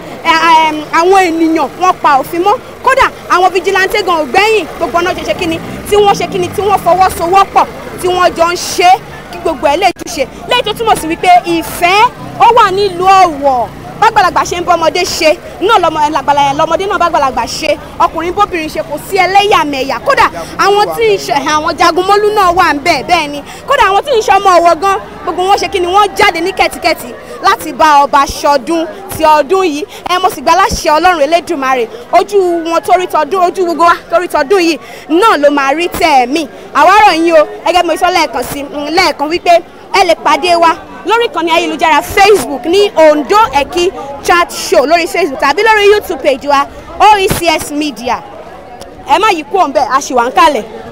àwọn ènìyàn wọ́n pa òfin mọ́ kódà àwọn fijilanté gan ògbẹ́yìn gbogbo ọ̀nà ṣe ṣe kíni tí wọ́n ṣe kíni tí wọ́n fọwọ́sowọ́pọ̀ tí wọ́n jọ ń ṣe kí gbogbo ẹ̀ lè túṣe léyìí tó túmọ̀ sí wípé ìfẹ́ ó wà nílùú Ọ̀wọ̀ bàgbàlagbà ṣe ń bọ́mọdé ṣe náà lọmọ làgbàlà yẹn lọmọdé náà bàgbàlagbà ṣe ọkùnrin bóbìnrin ṣe kò sí ẹlẹ́yàmẹ̀yà kódà àwọn tí ń ṣe àwọn jagunmólú náà wà ń bẹ̀ bẹ́ẹ̀ ni kódà àwọn tí ń ṣe ọmọ ọ̀wọ̀ gan gbogbo wọn ṣe kí ni wọ́n jáde ní kẹ̀tíkẹ̀tí láti bá ọba ṣọdún ti ọdún yìí ẹ mo sì gba láṣẹ ọlọ́run elédùnmarè ojú wọn torí tọdún ojú gbogbo wa torí tọdún yìí náà ló máa rí tẹ̀ẹ̀mí àwárọ̀ yín o ẹgẹ́ mi sọ lẹ́ẹ̀kan sí lẹ́ẹ̀kan wípé ẹ lè pàdé wa lórí ìkànnì ayélujára facebook ní Ondo Eki chat show lórí facebook tàbí lórí youtube page wa oecs media ẹ má yí kúrò ń bẹ̀ ń kalẹ̀.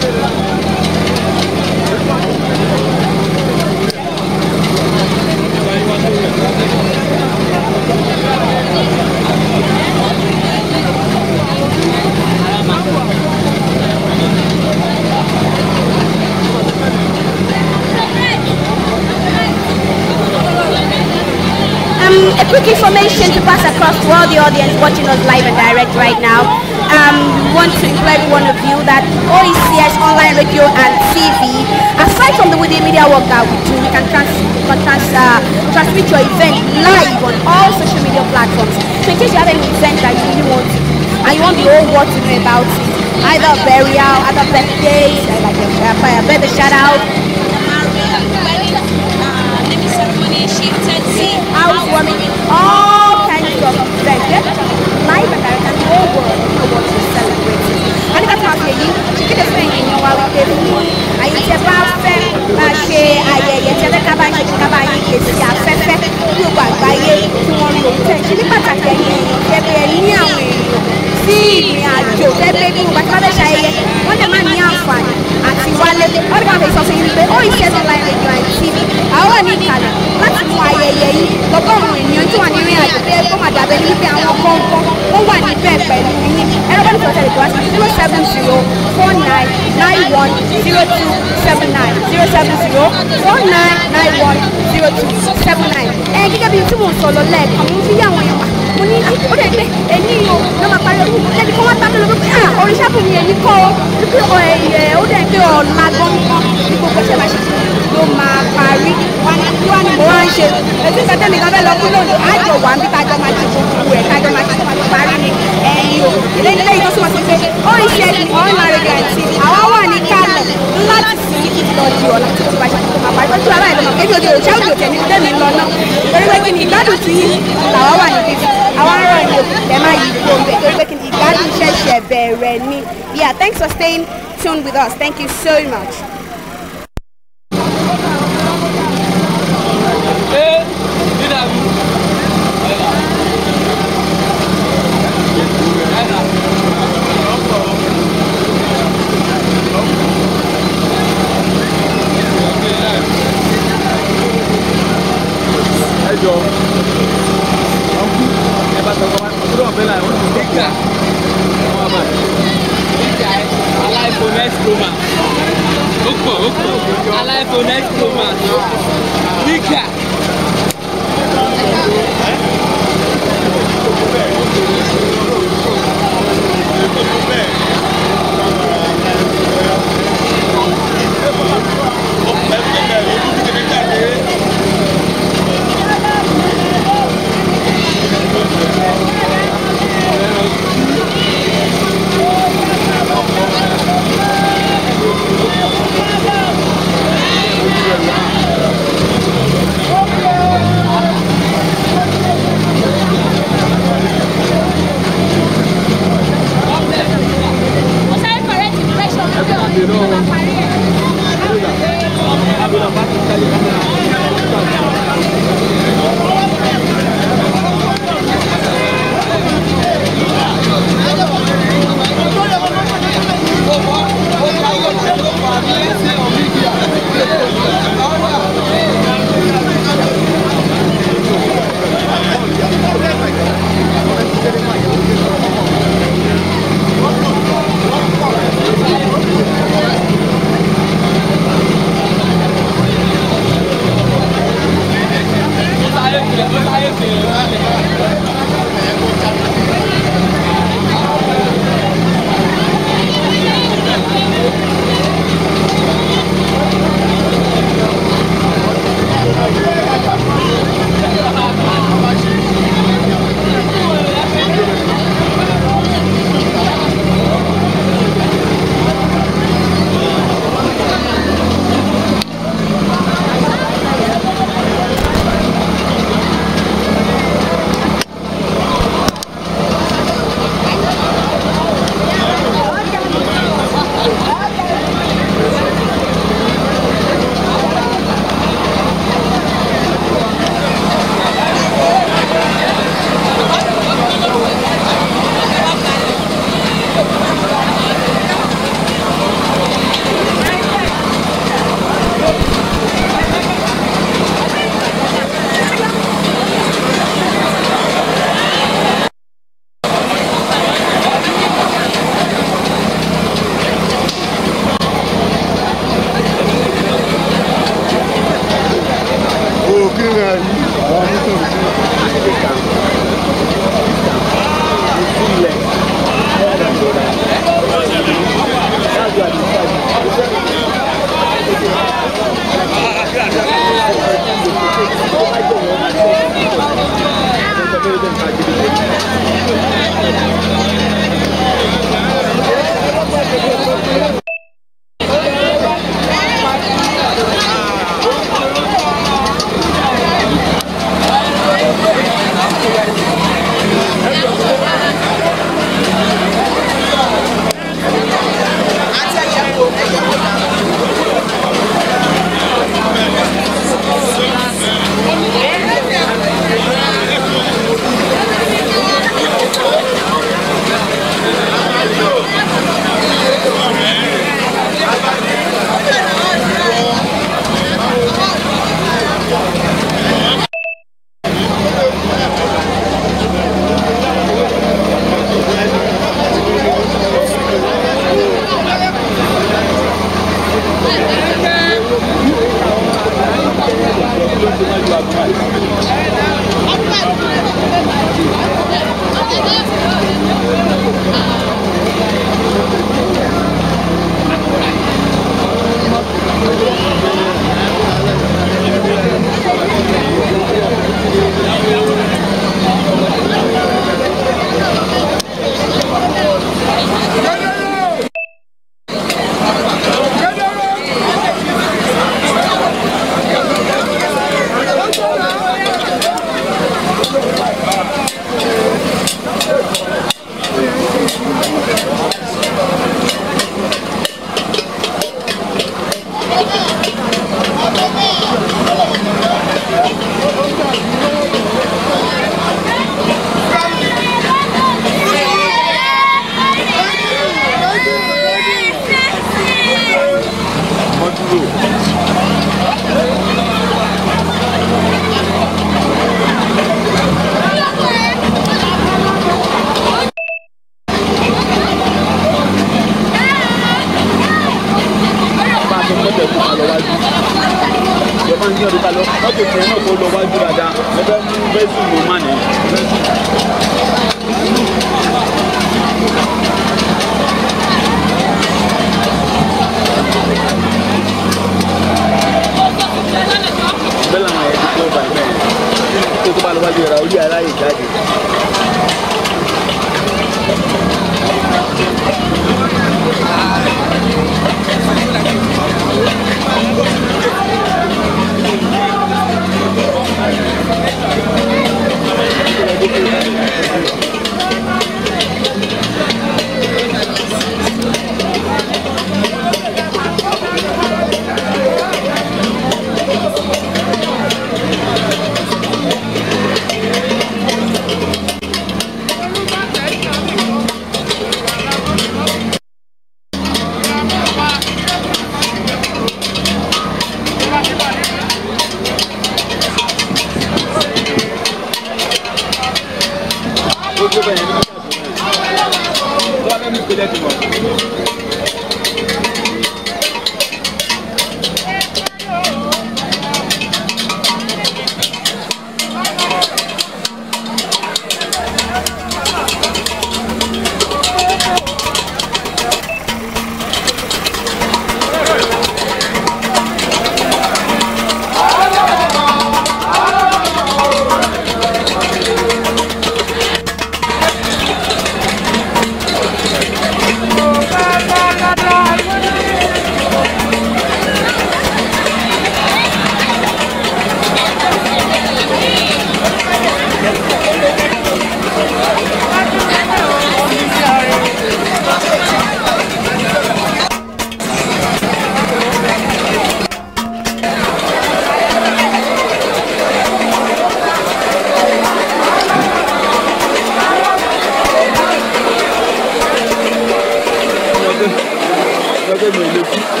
Adémọ̀lẹ́kí.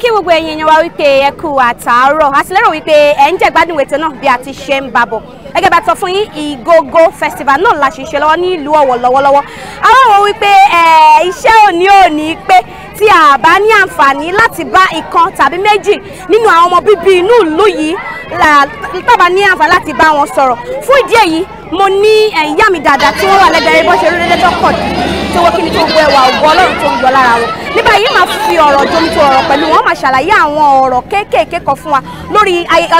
kí gbogbo ẹ̀yin èèyàn wa wípé ẹ kú àtàárọ̀ a sì lérò wípé ẹ ń jẹ gbádùn ètò náà bí a ti ṣe ń bá bọ̀ gẹ́gẹ́ bá tọ́ fún yín ìgógó festival náà la ṣe ṣe lọ́wọ́ ní ìlú Ọ̀wọ̀ lọ́wọ́lọ́wọ́ àwọn wo wípé iṣẹ́ òní òní pé tí a bá ní àǹfààní láti bá ìkan tàbí méjì nínú àwọn ọmọ bíbí inú ìlú yìí tàbá ní àǹfààní láti bá wọn sọ̀rọ̀ fún ìdí èyí mo ní ìyá mi dáadáa tí wọ́n wà lẹ́gbẹ̀ẹ́ bó ṣe rí lẹ́jọ́ pọ̀ tí wọ́n kí ni tó ń gbọ́ ẹwà ògbọ́ ọlọ́run tó ń gbọ́ lára wọn ní báyìí máa fi ọ̀rọ̀ jomi tó ọ̀rọ̀ pẹ̀lú wọn máa ṣàlàyé àwọn ọ̀rọ̀ kéékèèké kan fún wa lórí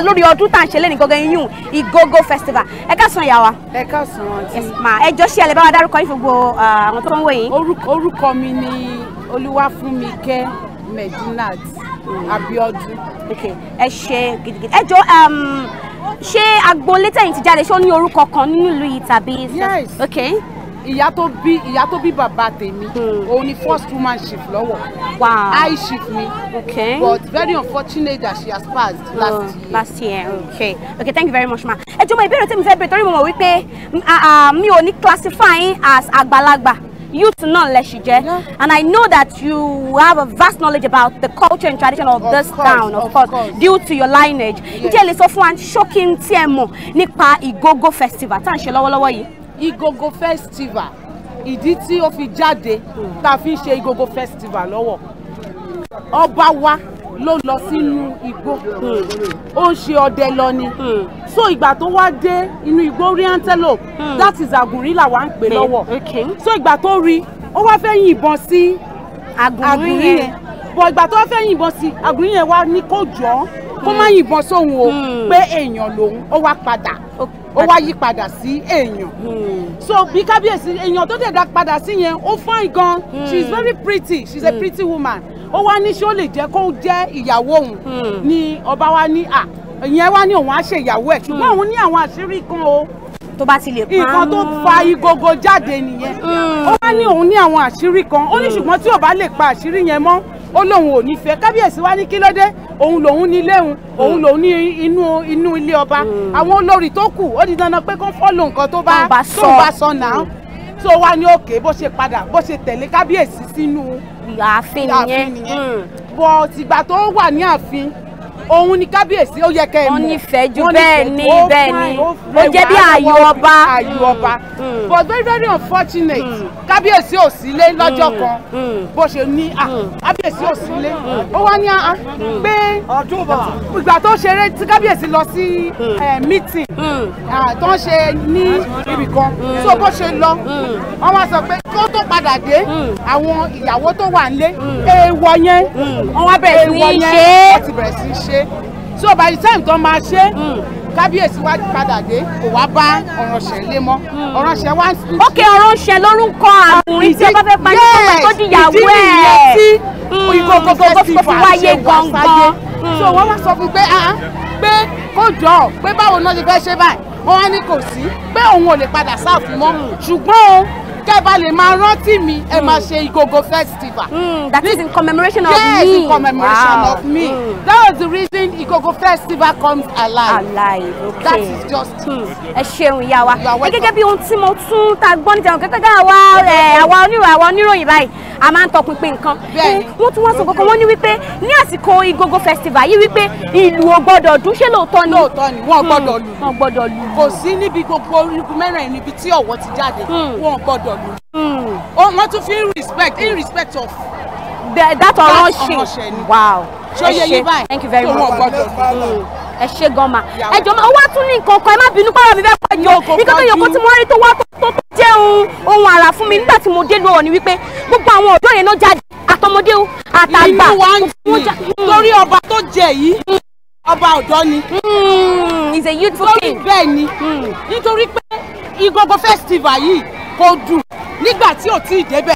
lórí ọdún tá à ń ṣe lẹ́nu gangan yíyún Igogo festival ẹ káàsán ìyá wa. ẹ káàsán ọtí. ẹ jọ ṣe ẹ lè bá wa dárúkọ yín fún gbogbo àwọn tó ń wò yín. orúkọ mi ni Olúwafúnmi Medinat Abiodun. okay ẹ ṣe gidigidi ẹ jọ um, ṣé agboolé tẹ̀yìn ti jáde ṣé ó ní orúkọ kan nínú ìlú yìí tàbí. yes okay ìyá tó bí ìyá tó bí bàbá tèmi hmm. òun ni first woman chief lọ́wọ́ wow high chief mi okay but very unfortunate that she has passed last hmm, year last year okay okay thank you very much ma ẹ jọ̀ọ́ mo ìbéèrè tèmi fẹ́ bèrè torí mo mọ̀ wípé mi ò ní classifying as àgbàlagbà youth náà lẹ ṣì jẹ́ and i know that you have a vast knowledge about the culture and tradition of, of this course, town of, of course, course due to your lineage ǹjẹ́ ẹ lè sọ fún wa ṣókí tí ẹ mọ̀ nípa ìgógó festival tá à ń ṣe lọ́wọ́lọ́wọ́ yìí. Igogo festival ìdí tí ó fi jáde tá a fi ń ṣe Igogo festival lọ́wọ́ ọba wa ló lọ sínú igbó ó ń ṣe ọdẹ lọ ni so ìgbà tó wá dé inú igbó rí antelope that is àgùnrín làwa ń pè lọ́wọ́ so ìgbà tó rí ó wá fẹ́ yìnbọn sí àgùnrín yẹn bọ̀ ìgbà tó fẹ́ yìnbọn sí àgùnrin yẹn wá ní kó jọ kó má hmm. yìnbọn sóhun o hmm. pé èèyàn lòun ó wá padà ó wá yí padà sí èèyàn hmm. so bí kábíyèsí èèyàn tó dẹ̀ dá padà sí yẹn ó fine gan she is very pretty she is a pretty woman ó wá ní ṣé ó lè jẹ́ kó jẹ́ ìyàwó òun ni ọba wa ní à ìyẹn wá ní òun á ṣe ìyàwó ẹ̀ ṣùgbọ́n òun ní àwọn àṣírí kan o tó bá ti lè pa nǹkan tó fa igogo jáde nìyẹn ó wá ní òun ní àwọn àṣírí kan ó ní ṣùgbọ́n tí ò bá lè pa àṣírí yẹn mọ́ ó lóun ò ní fẹ́ kábíyèsí wá ní kí ló dé òun lòun ní ilé òun òun lòun ní inú inú ilé ọba hmm. àwọn olórí tó kù ó di dandan pé kó fọ́lò nǹkan tó bá tó bá sọ náà tó wá ní òkè bó ṣe padà bó ṣe tẹ̀lé kábíyèsí sínú ààfin nìyẹn hmm. bọ̀ tìgbà tó wà ní ààfin òun ni kábíyèsí ó yẹ kẹ́ ẹ mú wọn nífẹ̀ẹ́ ju bẹ́ẹ̀ ni bẹ́ẹ̀ ni ó jẹ́ bí ayò ọba ayò ọba hmm. but very very unfortunate hmm. kábíyèsí ò sílé lọ́jọ́ hmm. kan bó ṣe ní à kábíyèsí ò sílé ó wá ní à pé ìgbà tó ṣeré tí kábíyèsí lọ sí eh, meeting tó ń ṣe ní ibìkan so bó ṣe lọ wọ́n wá sọ pé kó tó padà dé àwọn ìyàwó tó wà nílé èèwọ̀ yẹn wọ́n wá bẹ̀rẹ̀ sí í ṣe ṣe so by the time tó máa ṣe hmm. kábíyèsí wá padà dé kò wá bá ọ̀rànṣẹ́ lé mọ́ hmm. ọ̀rànṣẹ́ wá. ókè ọ̀rànṣẹ́ lórúkọ àkùnrin tí ó bá fẹ́ parí ọmọ tó dìyàwó ẹ̀ ìkòkòkò kó fi wáyé gangan. Hmm. so wọ́n wá sọ fún pé ah, ah, pé kó jọ pé báwo náà ṣe fẹ́ ṣe báyìí wọ́n wá ní kò sí pé òun ò lè padà sáàfù mọ́ ṣùgbọ́n kẹ́ẹ̀bá lè máa rántí mi ẹ máa hmm. ṣe Igogo festival. Hmm, that is in commemoration of me. yes in commemoration wow. of me. Hmm. that was the reason Igogo festival comes alive. alive okay that is just true. ẹ ṣeun ìyá wa ẹ gẹ́gẹ́ bí ohun tí mo tún ta gbọ́ níta ọ̀kẹ́ gẹ́gẹ́ àwa eh, àwa oníròyìn àwa oníròyìn báyìí a máa ń tọpinpin nǹkan wọ́n tún wọ́n sọ kókó wọ́n ní wípé ní àsìkò Igogo festival yìí wípé ìlú ò gbọ́dọ̀ dún ṣé lóòótọ́ ni lóòótọ́ ni wọ́n gbọ́dọ̀ lù wọ́n gbọ́dọ̀ lù kò sí níbi gbogbo orígun mẹ́rẹ̀ẹ̀rin ibi tí Ọ̀wọ̀ ti jáde wọ́n gbọ́dọ̀ ọdún. Hmm. wọ́n tún fi in respect in respect of. the that ọ̀ránṣẹ́ wow ṣe ṣe thank you very much hmm. ẹ ṣe gan ma ẹ jọ ma ó wá tún ní nǹkan kan ẹ má bínú pàrọ̀ mi bẹ́ẹ̀ pẹ̀ yìí o nǹkan tó yàn kó tí mo rí tó wá tó tó jẹ́ ohun àrà fún mi nígbà tí mo dé lóòrùn ni wípé gbogbo àwọn ọ̀dọ́ yẹn náà jáde àtọmọdé o àtàgbà ìlú wa ń jì lórí hmm. ọba tó jẹ yìí ọba ọ̀dọ́ ni. is a youthful king lórí bẹ́ẹ̀ ni nítorí pé Igogo festival yìí kò dùn nígbà tí ò tí ì débẹ̀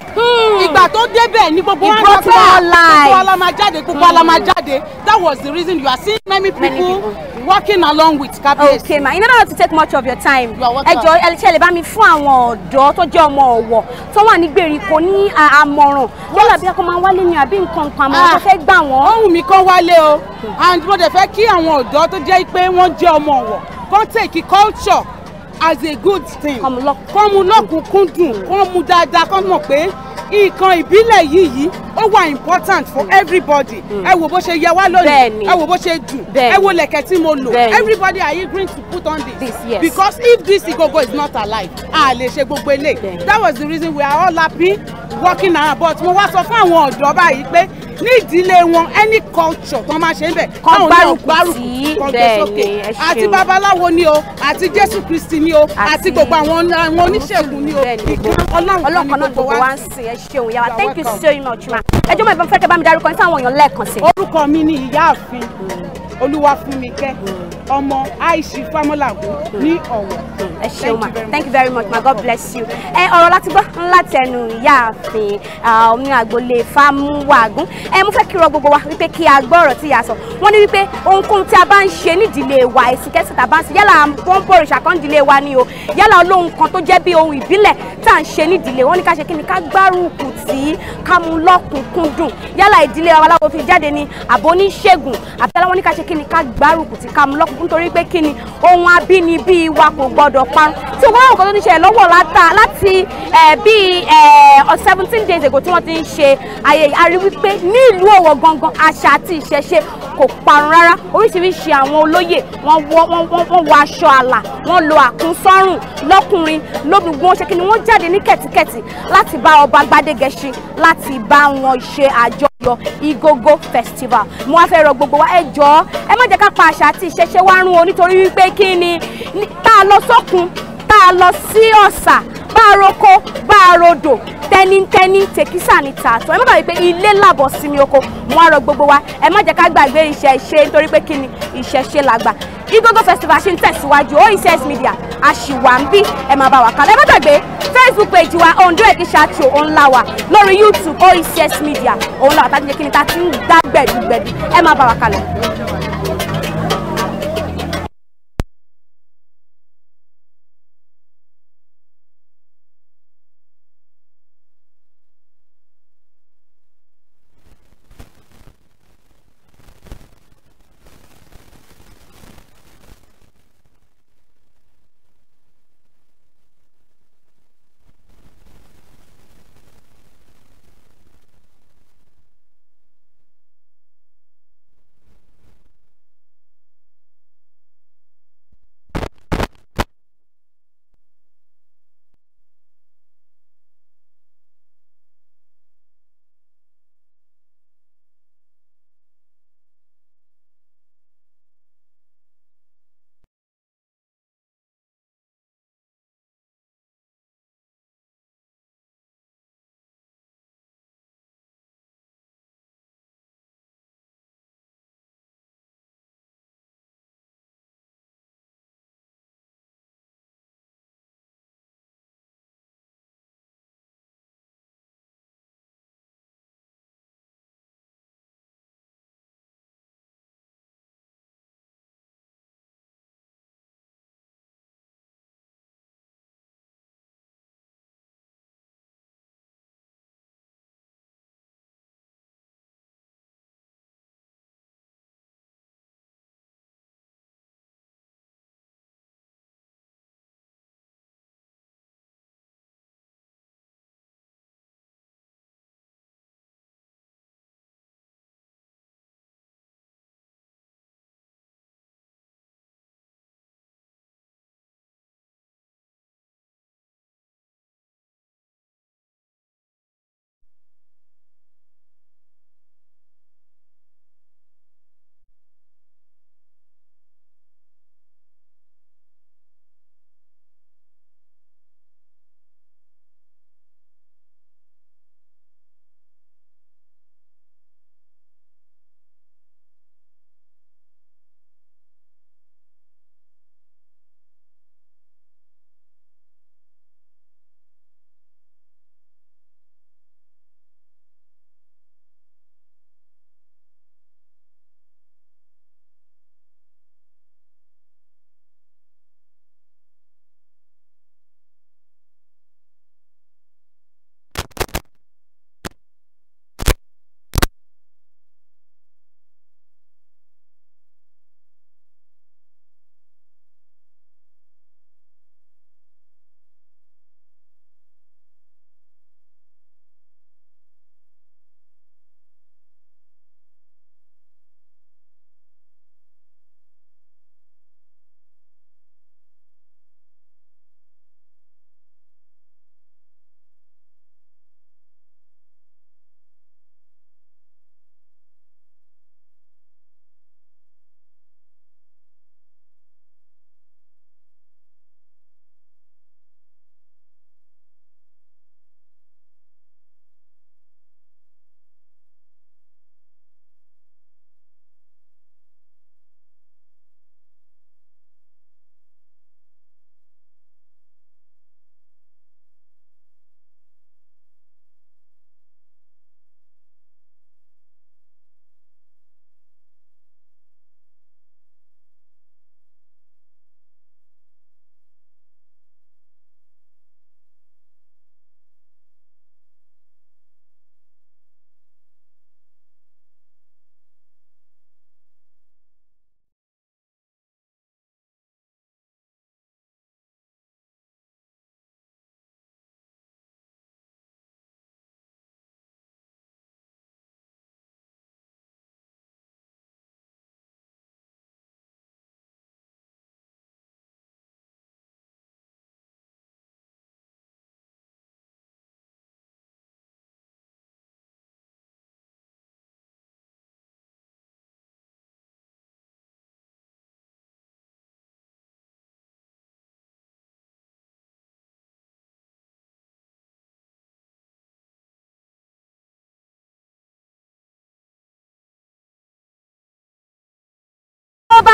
ìgbà tó débẹ̀ ni gbogbo wọn sọ pé gbogbo ala máa jáde gbogbo ala máa hmm. jáde that was the reason you are seeing many people, many people. working along with kábíyèsí. okay ma in order not to take much of your time ẹ jọ̀ọ́ ẹ ṣe lè bá mi fún àwọn ọ̀dọ́ tó jẹ́ ọmọ ọ̀wọ̀ tó wà ní gbèríko ní àmọ̀ràn yálà bí akọ máa wálé ni àbí nǹkan kan àmọ̀ràn tó ah. fẹ́ gbà wọ́n. ohun mi kan wálé o and mo dẹ̀ fẹ́ kí àwọn ọ̀dọ́ tó jẹ́ pé wọ́n jẹ́ ọmọ ọ̀wọ̀ kọ́ńtẹ̀kì culture as a good thing kọ́mu lọ́kùnkúndùn kọ́mu dáadáa pé nǹkan ìbílẹ̀ yìí yìí ó wà important for mm. everybody mm. ẹ wo bó ṣe yẹ wá lónìí ẹ wo bó ṣe dùn ẹ wo lẹ̀kẹ̀ tí mo lò everybody are agreeing to put on this, this yes. because if this igogo is not alive a lè ṣe gbogbo eléyìí that was the reason we are all happy working now but mo wá sọ fún àwọn ọ̀dọ́ báyìí pé ní ìdílé wọn any culture tó máa ṣe ń bẹ̀ kan gbárùkù sí bẹ́ẹ̀ ni ẹ àti babaláwo ni o àti jésù kristi ni o àti gbogbo àwọn oníṣègùn ni o ìkan ọlọ́run kan gbogbo wa ń sìn ẹ ṣeun yàrá thank you so much ma ẹjọ́ mọ̀ ìbọn fẹ́ kẹ́ bá mi darúkọ yín fáwọn èèyàn lẹ́ẹ̀kan sí. orúkọ mi ni ìyáàfin olúwafúnmi kẹ́ ọmọ Aishi Famolago ní Ọ̀wọ̀. ẹ ṣeun ma thank you very much my God bless you. ẹ ọ̀rọ̀ láti gbọ́ láti ẹnu ìyáàfin omi àgbòlè Fámúwàgún ẹ mo fẹ́ kí rọ gbogbo wa wípé kí a gbọ́ ọ̀rọ̀ tí ìyá sọ wọ́n ní wípé ohun tí a bá ń ṣe nídìílé wa ìsìnkẹ́sì tàbá ń ṣe yálà wọ́n ń bọ̀rọ̀ ìṣàkọ́ndílé wa ni o yálà olóhùn kan tó jẹ́ bí ohun ìbílẹ̀ tá à ń ṣe nídìílé wọ́n ní ká ṣe kí ni ká gbárùkù tí ká mú lọ́kùnkúndùn yálà ìdílé aláwo fi jáde ni àbóníṣègùn àbí aláwọ̀ ní ká ṣe kí ni ká gbárùkù tí ká mú lọ́kùnkúndùn nítorí pé kí ni ohun abínibí wa kò gbọdọ̀ parun tí wọ́n rò kó tó ti ṣe lọ́wọ́ láti bíi seventeen days ago tí wọ́n ti ń ṣe ayẹyẹ a rí wípé ní ìlú Ọ̀wọ̀ gangan àṣà àti ìṣẹ̀ṣe kò parun rárá oríṣiríṣi àwọn olóyè wọ́n wọ aṣọ àlà wọ́n lo àkúnsọ́rùn lọ́kùnrin lóbìnrin wọ́n ṣe kí ni wọ́n jáde ní kẹ̀tíkẹ̀tì láti bá ọba Gbádégẹṣin láti bá wọn ṣe àjọ lọ Igogo festival mo wá fẹ́ rọ gbogbo wa ẹ jọ̀ọ́ ẹ má jẹ́ ká pa àṣà àti ìṣẹ̀ṣe wa run o nítorí wípé kí ni tá a lọ sókun tá a lọ sí ọ̀sà bá a roko bá a rodò tẹnitẹni tèkísà ní tààtọ̀ ẹ má gbàgbé pé ilé làbọ̀ sinmi oko wọn á rọ gbogbo wa ẹ má jẹ́ ká gbàgbé ìṣẹ̀ṣe nítorí pé kí ni ìṣẹ̀ṣe làgbà Igogo festival ṣe ń tẹ̀síwájú oecs media àṣìwà ń bí ẹ máa bá wa kálẹ̀ ẹ má gbàgbé facebook page wa Ondo Ekishatio òun la wà lórí youtube oecs media òun la wà tá a ti jẹ́ kí ni tá a ti ń dá gbẹ̀dùgbẹ̀dù ẹ máa bá wa kálẹ̀.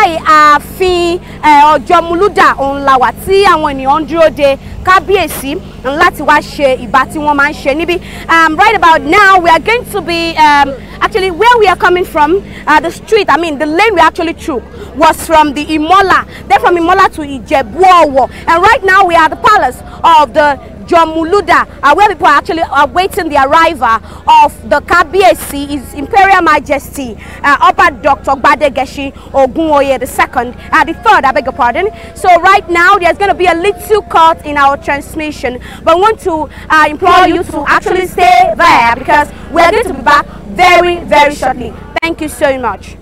báyìí ààfin ọjọ́ múlúdà òun la wà tí àwọn ènìyàn dúró de kábíyèsí láti wá ṣe ìbà tí wọ́n máa ń ṣe níbí um, right about now we are going to be um, actually where we are coming from uh, the street i mean the lane we actually took was from the imola then from imola to ijebu and right now we are at the palace of the Jomuluda, uh, where people are actually uh, awaiting the arrival of the KBSC, His Imperial Majesty, uh, Upper Dr. Gbadegeshi Ogunoye II, uh, the third, I beg your pardon. So right now, there's going to be a little cut in our transmission, but I want to uh, implore you to actually stay there because we're going to be back very, very shortly. Thank you so much.